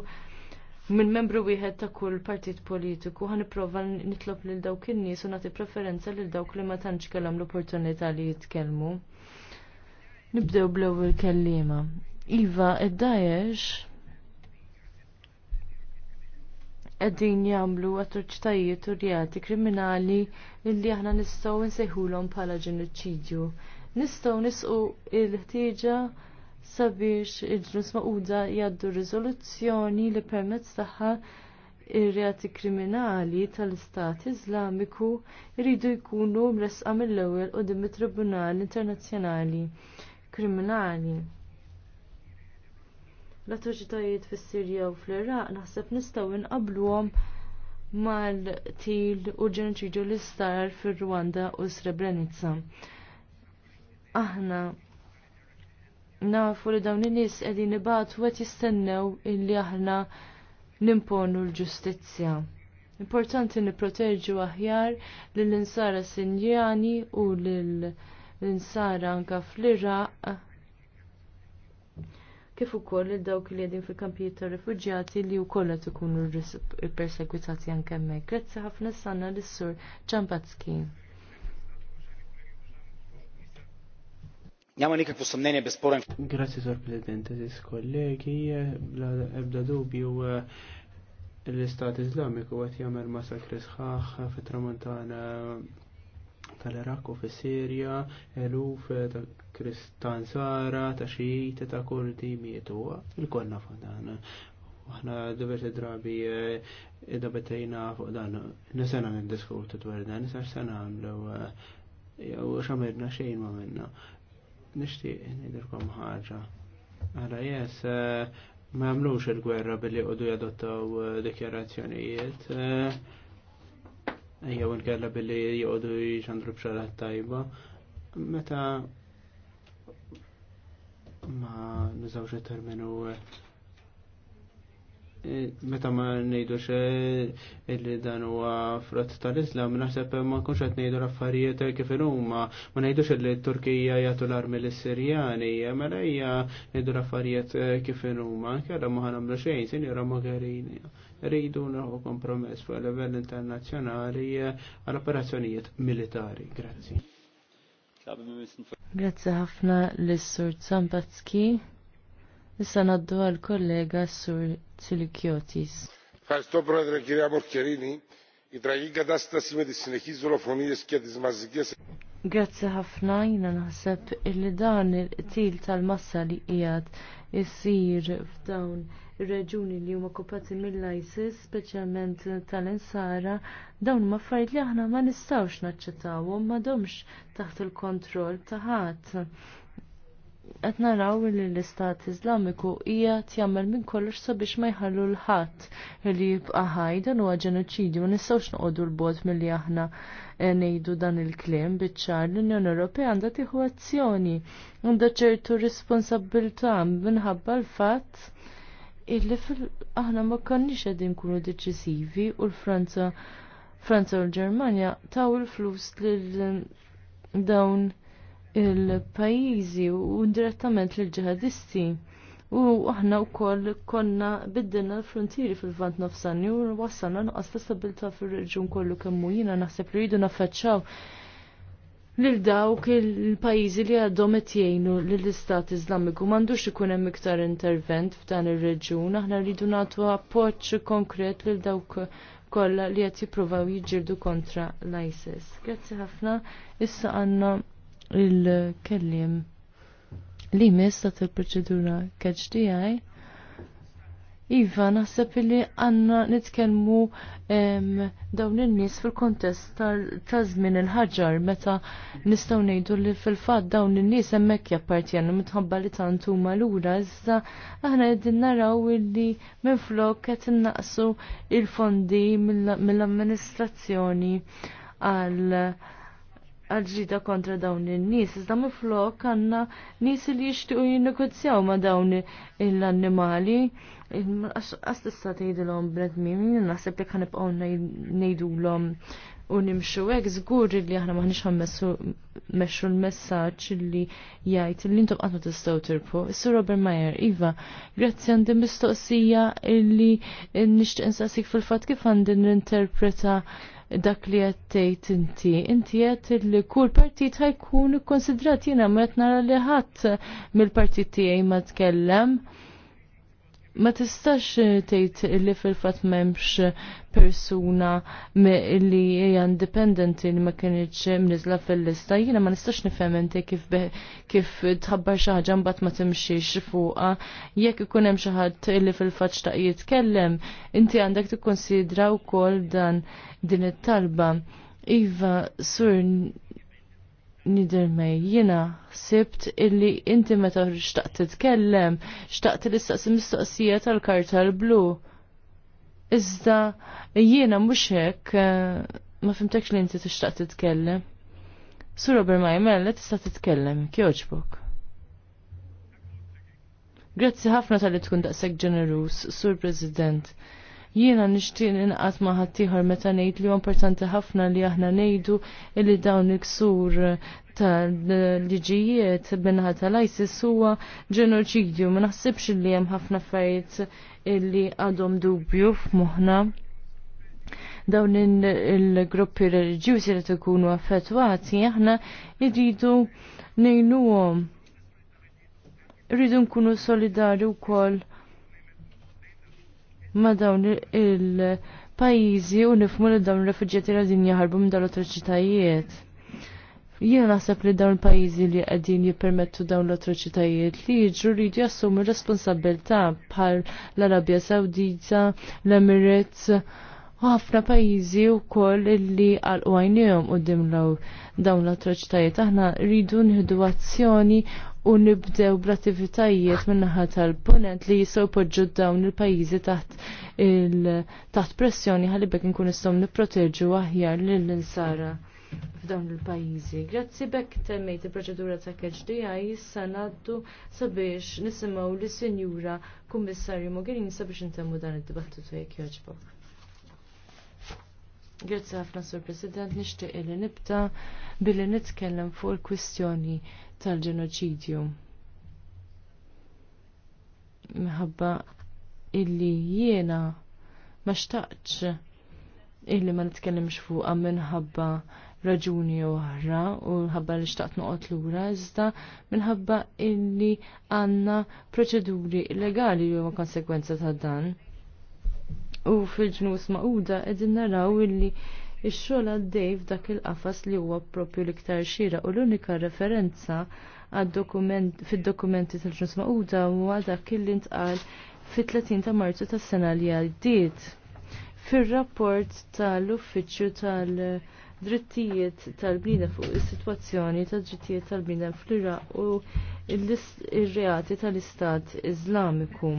minn membru wieħed ta' kull partit politiku ħan nipprova nitlob lil dawk in-nies u nagħti preferenza lil dawk li ma tantx kellhom l-opportunità li jitkellmu. Nibdew bl-ewwel kelliema. Iva, id-Daesh qegħdin jagħmlu atroċitajiet u rjati kriminali illi aħna nistgħu nsejħulhom bħala ġenoċidju. Nistgħu nisqu il-ħtieġa l il ħtieġa sabiex il-ġnus jgħaddu jaddu riżoluzzjoni li permezz tagħha ir-reati kriminali tal-Istat Iżlamiku jridu jkunu mresqa mill-ewwel quddiem it-Tribunal Internazzjonali Kriminali. L-atroċitajiet fis-Sirja u fl-Iraq naħseb nistgħu inqabluhom mal-til u ġenoċidju li star fir-Rwanda u Srebrenica. Aħna nafu li dawn in-nies qegħdin ibatu qed jistennew illi aħna nimponu l-ġustizzja. Importanti nipproteġu aħjar lill-insara Sinjani u lill-insara anka fl-Iraq kif ukoll il dawk li qegħdin fil-kampijiet ta' rifuġjati li wkoll qed ikunu perseguitati anke hemmhekk. Grazzi ħafna sanna lis-sur Ċampatski. Jamma nik fu sumnenja bisporan. Grazie, Sor Presidente, zis kollegi, ebda dubju l-Istat Islamiku għat jammer masakri sħax fit-tramontana tal-Iraq u fis-Sirja, eluf ta' Kristan Sara, ta' xijita ta' Kurdi mietu. Il-konna fadana. Aħna diversi drabi id-dabetajna fuq dan. Nisena minn diskutu t dan, nisar sena għamlu. u xamirna xejn ma minna nishtiq nidirkom ħaġa. Għara, jes, eh, ma għamlux il-gwerra billi għodu jadottaw eh, dekjarazzjonijiet Ejja, eh, u nkella billi jgħodu xandru bxalat tajba. Meta ma nizawx terminu E, meta ma ngħidux e, li dan huwa frott tal-Islam, naħseb ma nkunx qed ngħidu l-affarijiet kif huma, ma ngħidux li t-Turkija jagħtu l-armi l sirjani e, ma mela hija ngħidu l-affarijiet kif huma, kellha ma ħanamlu xejn, sinjura Mogherini. Rridu naħu kompromess fuq livell internazzjonali għal operazzjonijiet militari. Grazzi. Grazzi ħafna l-Sur Zambatski. Issa naddu għal kollega Sur Tsilikiotis. Ευχαριστώ brother κυρία Μορκερίνη. id τραγική κατάσταση με τις συνεχείς δολοφονίες και τις μαζικές... Grazzi ħafna jina naħseb illi dan il-til tal-massa li jgħad jessir f'dawn ir-reġuni li huma kopati mill-ISIS, speċjalment tal-insara, dawn ma fajt li aħna ma nistgħux naċċettawhom domx taħt il-kontroll ta' ħadd qed raw li l-Istat Islamiku hija tjammel minn kollox sabiex ma jħallu l ħat li jibqa' ħaj dan huwa ġenoċidju ma nistgħux noqogħdu l-bot milli aħna eh, ngħidu dan il-kliem biċ-ċar l-Unjoni Ewropea għandha tieħu azzjoni għandha ċertu responsabbiltà minħabba l-fatt illi aħna ma konniex qegħdin nkunu deċisivi u l-Franza Franza u l-Ġermanja taw il-flus lil dawn il-pajizi u direttament l-ġihadisti. U aħna wkoll konna biddinna l-frontieri fil-vant nafsan, u wassalna nuqqas ta' stabilta fil-reġun kollu kemmu jina naħseb li rridu naffaċċaw lil dawk il-pajjiżi li għadhom qed jgħinu lill-Istat Iżlamiku m'għandux ikun hemm iktar intervent f'dan ir-reġun, aħna rridu nagħtu appoġġ konkret lil dawk kollha li qed jippruvaw jiġġieldu kontra l-ISIS. Grazzi ħafna, issa għandna il-kellim li mista il-proċedura KHDI. Iva, naħseb li għanna nitkelmu dawn il-nis fil-kontest tal-żmien il-ħagġar meta nistgħu ngħidu li fil-fatt dawn il-nies hemmhekk jappartjenu mitħabba li tant huma lura iżda aħna qegħdin naraw minn minflok qed innaqsu il-fondi mill-amministrazzjoni għal għalġida kontra dawn il-nis, iżda miflok għanna nis li jishtiqu jinnegozjaw ma dawn l-annimali. Għas tista tgħidilhom bnedmin, naħseb li kan ibqgħu ngħidulhom u nimxu hekk żgur li aħna maħnix għan mexxu l-messaġġ li jgħid li intom qatt ma tistgħu tirpu. Issu Robert Meyer, Iva, grazzi għandi mistoqsija li nixtieq insaqsik fil-fatt kif għandi ninterpreta interpreta dak li qed tgħid inti. Inti qed li kull partit ħajkun ikkonsidrat jiena ma qed nara li ħadd mill-partit tiegħi ma tkellem ma tistax tgħid li fil-fatt m'hemmx persuna li hija indipendenti li ma kienx mnizla fil-lista, jiena ma nistax nifhem inti kif kif tħabbar xi ħaġa mbagħad ma timxiex fuqha. Jekk ikun hemm xi ħadd li fil-fatt xtaq jitkellem, inti għandek tikkonsidra wkoll dan din it-talba. Iva, sur Nidermej, jina sibt illi inti meta xtaqt titkellem, xtaqt l-istaqsi mistoqsija tal kartal blu Iżda jiena mhux hekk eh, ma fimtekx li inti tixtaq titkellem. Sura Bermaj mella tista' titkellem, kjoġbok. Grazzi ħafna tal-li tkun daqshekk ġenerus, Sur President. Jiena nixtieq inqas ma' ħaddieħor meta ngħid li importanti ħafna li aħna ngħidu li dawn il-ksur tal-liġijiet binħa tal-ISIS huwa ġenoċidju. Ma naħsibx li hemm ħafna affarijiet illi għadhom dubju f'moħħna dawn il-gruppi reliġjużi li tkunu affettwati aħna jridu ngħinuhom. Rridu nkunu solidari wkoll ma dawn il-pajizi u nifmu li dawn il-refugġati għadin jaharbu minn dawn l-atroċitajiet. Jiena naħseb li dawn il-pajizi li għadin jippermettu dawn l-atroċitajiet li jġru li jassumu responsabilta bħal l-Arabja Sawdita, l-Emirates, ħafna pajizi u koll li għal u għajnijom u dimlaw dawn l atroċitajiet Aħna rridu nħidu azzjoni u nibdew bl-attivitajiet minnaħa tal-ponent li jisopoġġu dawn il-pajjiżi taħt il taħt pressjoni bekk nkun nistgħu nipproteġu aħjar l insara f'dawn il-pajjiżi. Grazzi bekk temmejt il-proċedura ta' KHDI issa ngħaddu sabiex nisimgħu li senjura Kummissarju Mogherini sabiex intemmu dan id-dibattitu jekk jogħġbok. Grazzi ħafna, Sur President, nixtieq li nibda billi nitkellem fuq il-kwistjoni tal-ġenoċidju. Minħabba illi jiena ma xtaqx illi ma nitkellimx fuqha minħabba raġuni oħra u ħabba li xtaqt noqgħod lura iżda minħabba illi għandna proċeduri legali u huma konsekwenza ta' dan. U fil-ġnus uda qegħdin naraw illi Ix-xogħol għaddej f'dak il-qafas li huwa proprju l-iktar xira u l-unika referenza fid-dokumenti tal-ġnus maquda huwa dak li ntqal fit-30 ta' Marzu tas-sena li għaddiet. Fir-rapport tal-Uffiċċju tal-, -uffiċċju tal drittijiet tal-bnida fuq is-sitwazzjoni tad drittijiet tal-bnida fl-Iraq u il-reati tal-Istat Iżlamiku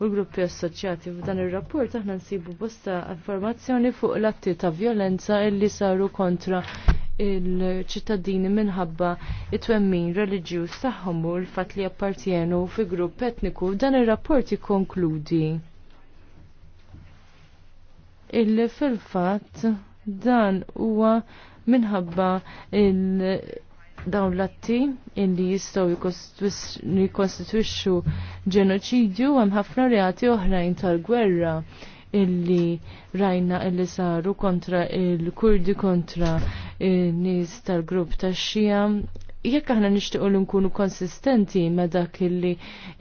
u l-gruppi assoċjati f'dan ir-rapport aħna nsibu bosta informazzjoni fuq l-atti ta' violenza illi saru kontra il-ċittadini minħabba it-twemmin reliġjuż tagħhom u l-fatt li appartjenu fi grupp etniku f'dan ir-rapport jikkonkludi illi fil-fatt dan huwa minħabba il- dawn l-atti illi jistaw jikonstituixxu ġenoċidju hemm ħafna reati oħrajn tal-gwerra illi rajna illi saru kontra il-Kurdi kontra il nies tal-grupp tax-xija. Jekk aħna nixtiequ li nkunu konsistenti ma dak illi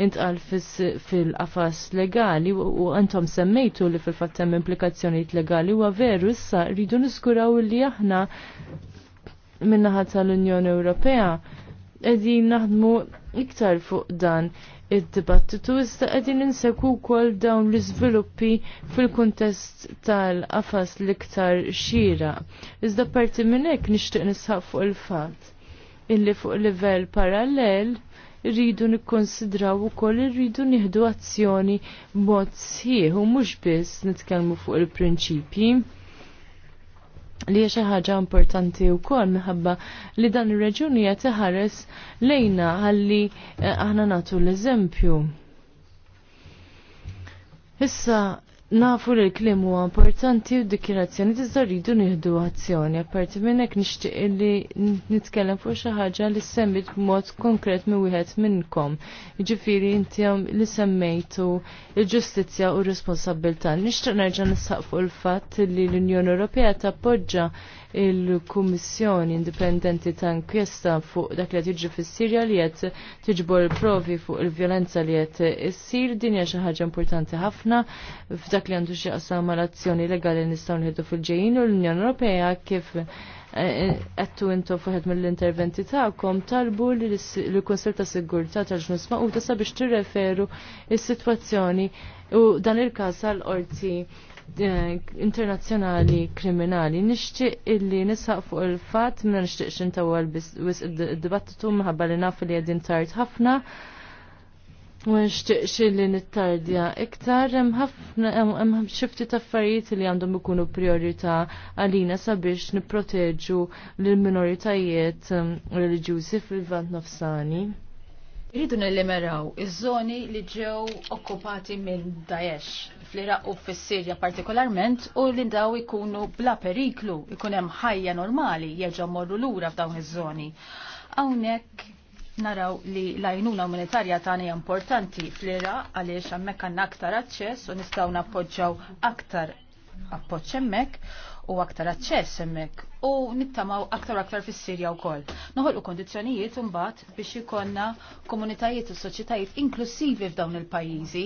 intqal fil-qafas legali u intom semmejtu li fil-fatt hemm implikazzjonijiet legali huwa veru issa rridu niskuraw li aħna minnaħat tal-Unjoni Ewropea qegħdin naħdmu iktar fuq dan id-dibattitu iżda qegħdin inseku wkoll dawn l-iżviluppi fil-kuntest tal-qafas l-iktar xira. Iżda parti minn hekk nixtieq nisħaq fuq il-fatt illi fuq livell parallel rridu nikkonsidraw ukoll irridu nieħdu azzjoni b'mod sħiħ u mhux biss nitkellmu fuq il-prinċipji li xi ħaġa importanti wkoll minħabba li dan ir-reġuni qed iħares lejna ħalli eh, aħna nagħtu l-eżempju. Issa nafu li l-klim huwa importanti u dikjerazzjoni tista' rridu nieħdu azzjoni. Apparti minn hekk nixtieq li nitkellem fuq xi ħaġa li semmit b'mod konkret minn wieħed minnkom. Jiġifieri inti li semmejtu l-ġustizzja u r-responsabilità. Nixtieq nerġa' nisaq fuq il-fatt li l-Unjoni Ewropea tappoġġa il-Kummissjoni Indipendenti ta' Inkjesta fuq dak li qed jiġri fis-Sirja li qed tiġbor provi fuq il-vjolenza li qed issir din hija xi ħaġa importanti ħafna f'dak li għandu xi qasam mal-azzjoni legali nistgħu nieħdu fil-ġejjin u l-Unjoni Ewropea kif għattu eh, intu fuħed mill-interventi ta'kom talbu li l-Konsil ta' Sigurta tal-ġnus maqu sabiex biex tirreferu il-situazzjoni u dan il-kas għal-orti Eh, internazzjonali kriminali. Nixtieq illi nisaq fuq il-fatt minna nixtieqx intawal biss id-dibattitu minħabba li naf li qegħdin tard ħafna. U nixtieqx illi nittardja iktar hemm ħafna hemm xifti affarijiet li għandhom ikunu priorità għalina sabiex nipproteġu lill minoritajiet eh, reliġjużi fil-vant nofsani. Rridu nillimeraw iż-żoni li ġew okkupati minn Daesh fl-Iraq u fis-Sirja partikolarment u li daw ikunu bla periklu, ikun hemm ħajja normali jerġa' morru lura f'dawn iż-żoni. Hawnhekk naraw li l-għajnuna umanitarja tani importanti fl-Iraq għaliex hemmhekk għandna aktar aċċess u nistgħu nappoġġaw aktar appoġġ hemmhekk u aktar aċċess hemmhekk u nittamaw aktar aktar fis-Sirja wkoll. u kondizzjonijiet unbat biex ikonna komunitajiet u soċjetajiet inklusivi f'dawn il-pajjiżi,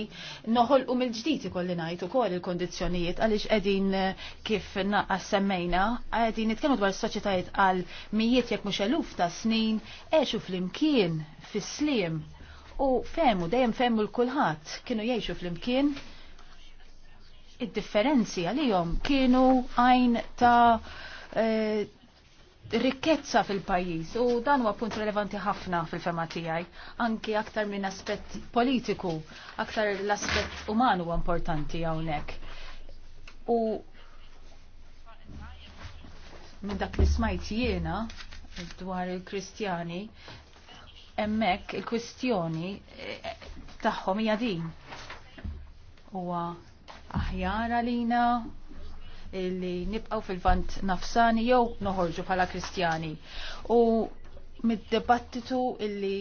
noħolqu mill-ġdid ikolli ngħid ukoll il-kondizzjonijiet għaliex qegħdin eh, kif naqqas semmejna, qegħdin nitkellmu dwar is-soċitajiet għal mijiet jekk mhux eluf ta' snin għexu fl-imkien fis-sliem u femu dejjem femu l-kulħadd kienu jgħixu fl-imkien id-differenzi għalihom kienu għajn ta' eh, rikkezza fil-pajjiż u dan huwa punt relevanti ħafna fil-fema tiegħi, anki aktar minn aspett politiku, aktar l-aspett umanu huwa importanti hawnhekk. U minn dak li smajt jiena dwar il-Kristjani, emmek il-kwistjoni eh, tagħhom hija din. Huwa aħjar għalina li nibqaw fil-vant nafsani jew noħorġu bħala kristjani. U mid-debattitu illi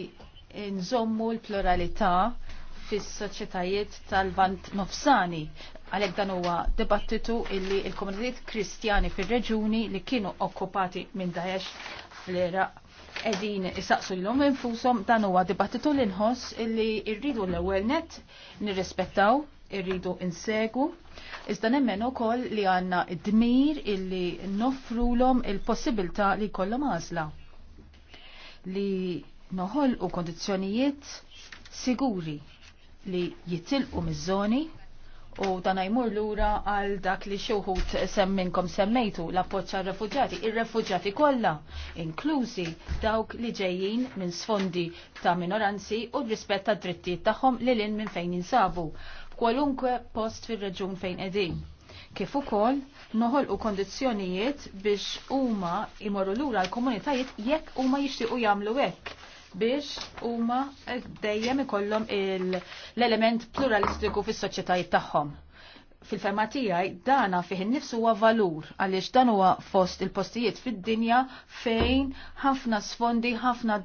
nżommu l-pluralità fis-soċjetajiet tal-vant nofsani għalek dan huwa dibattitu illi il-komunitajiet kristjani fil-reġuni li kienu okkupati minn Daesh fl-Iraq edin isaqsu l-lum infusom dan huwa dibattitu l-inħoss illi irridu l-ewwel net nirrispettaw irridu insegu. Iżda nemmen ukoll li għandna d-dmir illi noffrulhom il-possibilità li jkollhom għażla li noħol u kondizjonijiet siguri li jitilqu miż-żoni u dan jmur lura għal dak li xuħut semminkom semmejtu l-appoċċa r-refuġati, ir-refuġati kollha, inklużi dawk li ġejjin minn sfondi ta' minoranzi u rispett ta' drittijiet tagħhom li lin minn fejn jinsabu. Kwalunkwe post fir-reġun fejn qegħdin. Kif ukoll noħolqu kondizzjonijiet biex huma imorru lura l-komunitajiet jekk huma jixtiequ jagħmlu hekk biex huma dejjem ikollhom l-element pluralistiku fis-soċjetajiet tagħhom. Fil-ferma tiegħi dana fih innifsu huwa valur għaliex dan huwa fost il-postijiet fid-dinja fejn ħafna sfondi, ħafna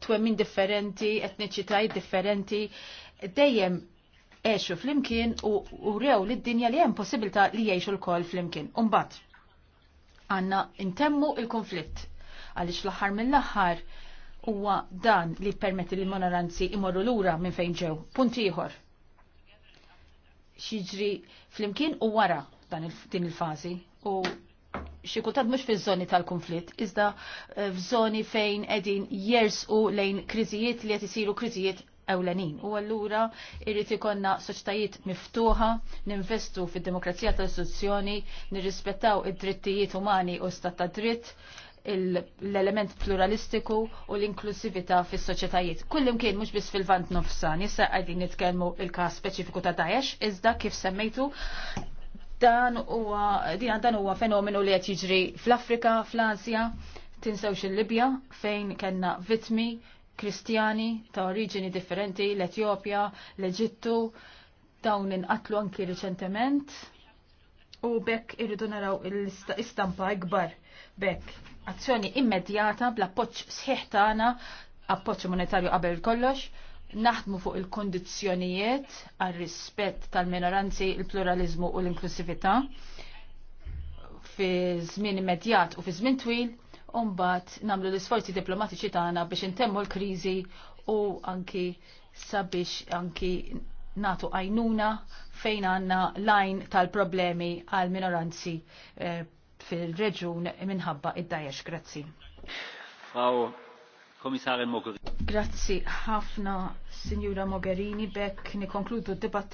twemmin differenti, etniċitajiet differenti, dejjem eċu flimkien u rew li d-dinja li hemm possibilità li jgħixu l-kol flimkien. Umbat, għanna intemmu il-konflitt għaliex l-aħħar mill-aħħar huwa dan li permetti li monoranzi imorru lura minn fejn ġew. Punt ieħor. Xiġri flimkien u wara dan din il-fażi u xi kultad mhux fil żoni tal-konflitt, iżda eh, f'żoni fejn qegħdin u lejn kriżijiet li qed isiru kriżijiet ewlenin. U allura irrit ikonna soċtajiet miftuħa, ninvestu fid-demokrazija tal-istituzzjoni, nirrispettaw id-drittijiet umani u stat ta' dritt, l-element pluralistiku u l-inklusivita fis soċjetajiet Kullim kien mux bis fil-vant nofsan, nisa għadin nitkelmu il-kas speċifiku ta' Daesh, iżda kif semmejtu dan huwa dan huwa fenomenu li qed jiġri fl-Afrika, fl-Asja, tinsewx il-Libja fejn kellna vitmi Kristjani ta' oriġini differenti, l-Etjopja, l-Eġittu, dawn inqatlu anki riċentement. U bekk irridu naraw l-istampa ikbar. Bekk, azzjoni immedjata bl-appoċ sħiħ tagħna, appoċ monetarju qabel kollox, naħdmu fuq il kondizzjonijiet għal rispett tal-minoranzi, il-pluralizmu u l-inklusività fi żmien immedjat u fi żmien twil umbat namlu l-isforzi diplomatiċi tagħna biex intemmu l-kriżi u anki sabiex anki natu għajnuna fejn għanna lajn tal-problemi għal minoranzi eh, fil-reġun minħabba id dajax Grazzi. Frau Kommissarin Mogherini. Grazzi ħafna, Signora Mogherini, bekk nikonkludu d debat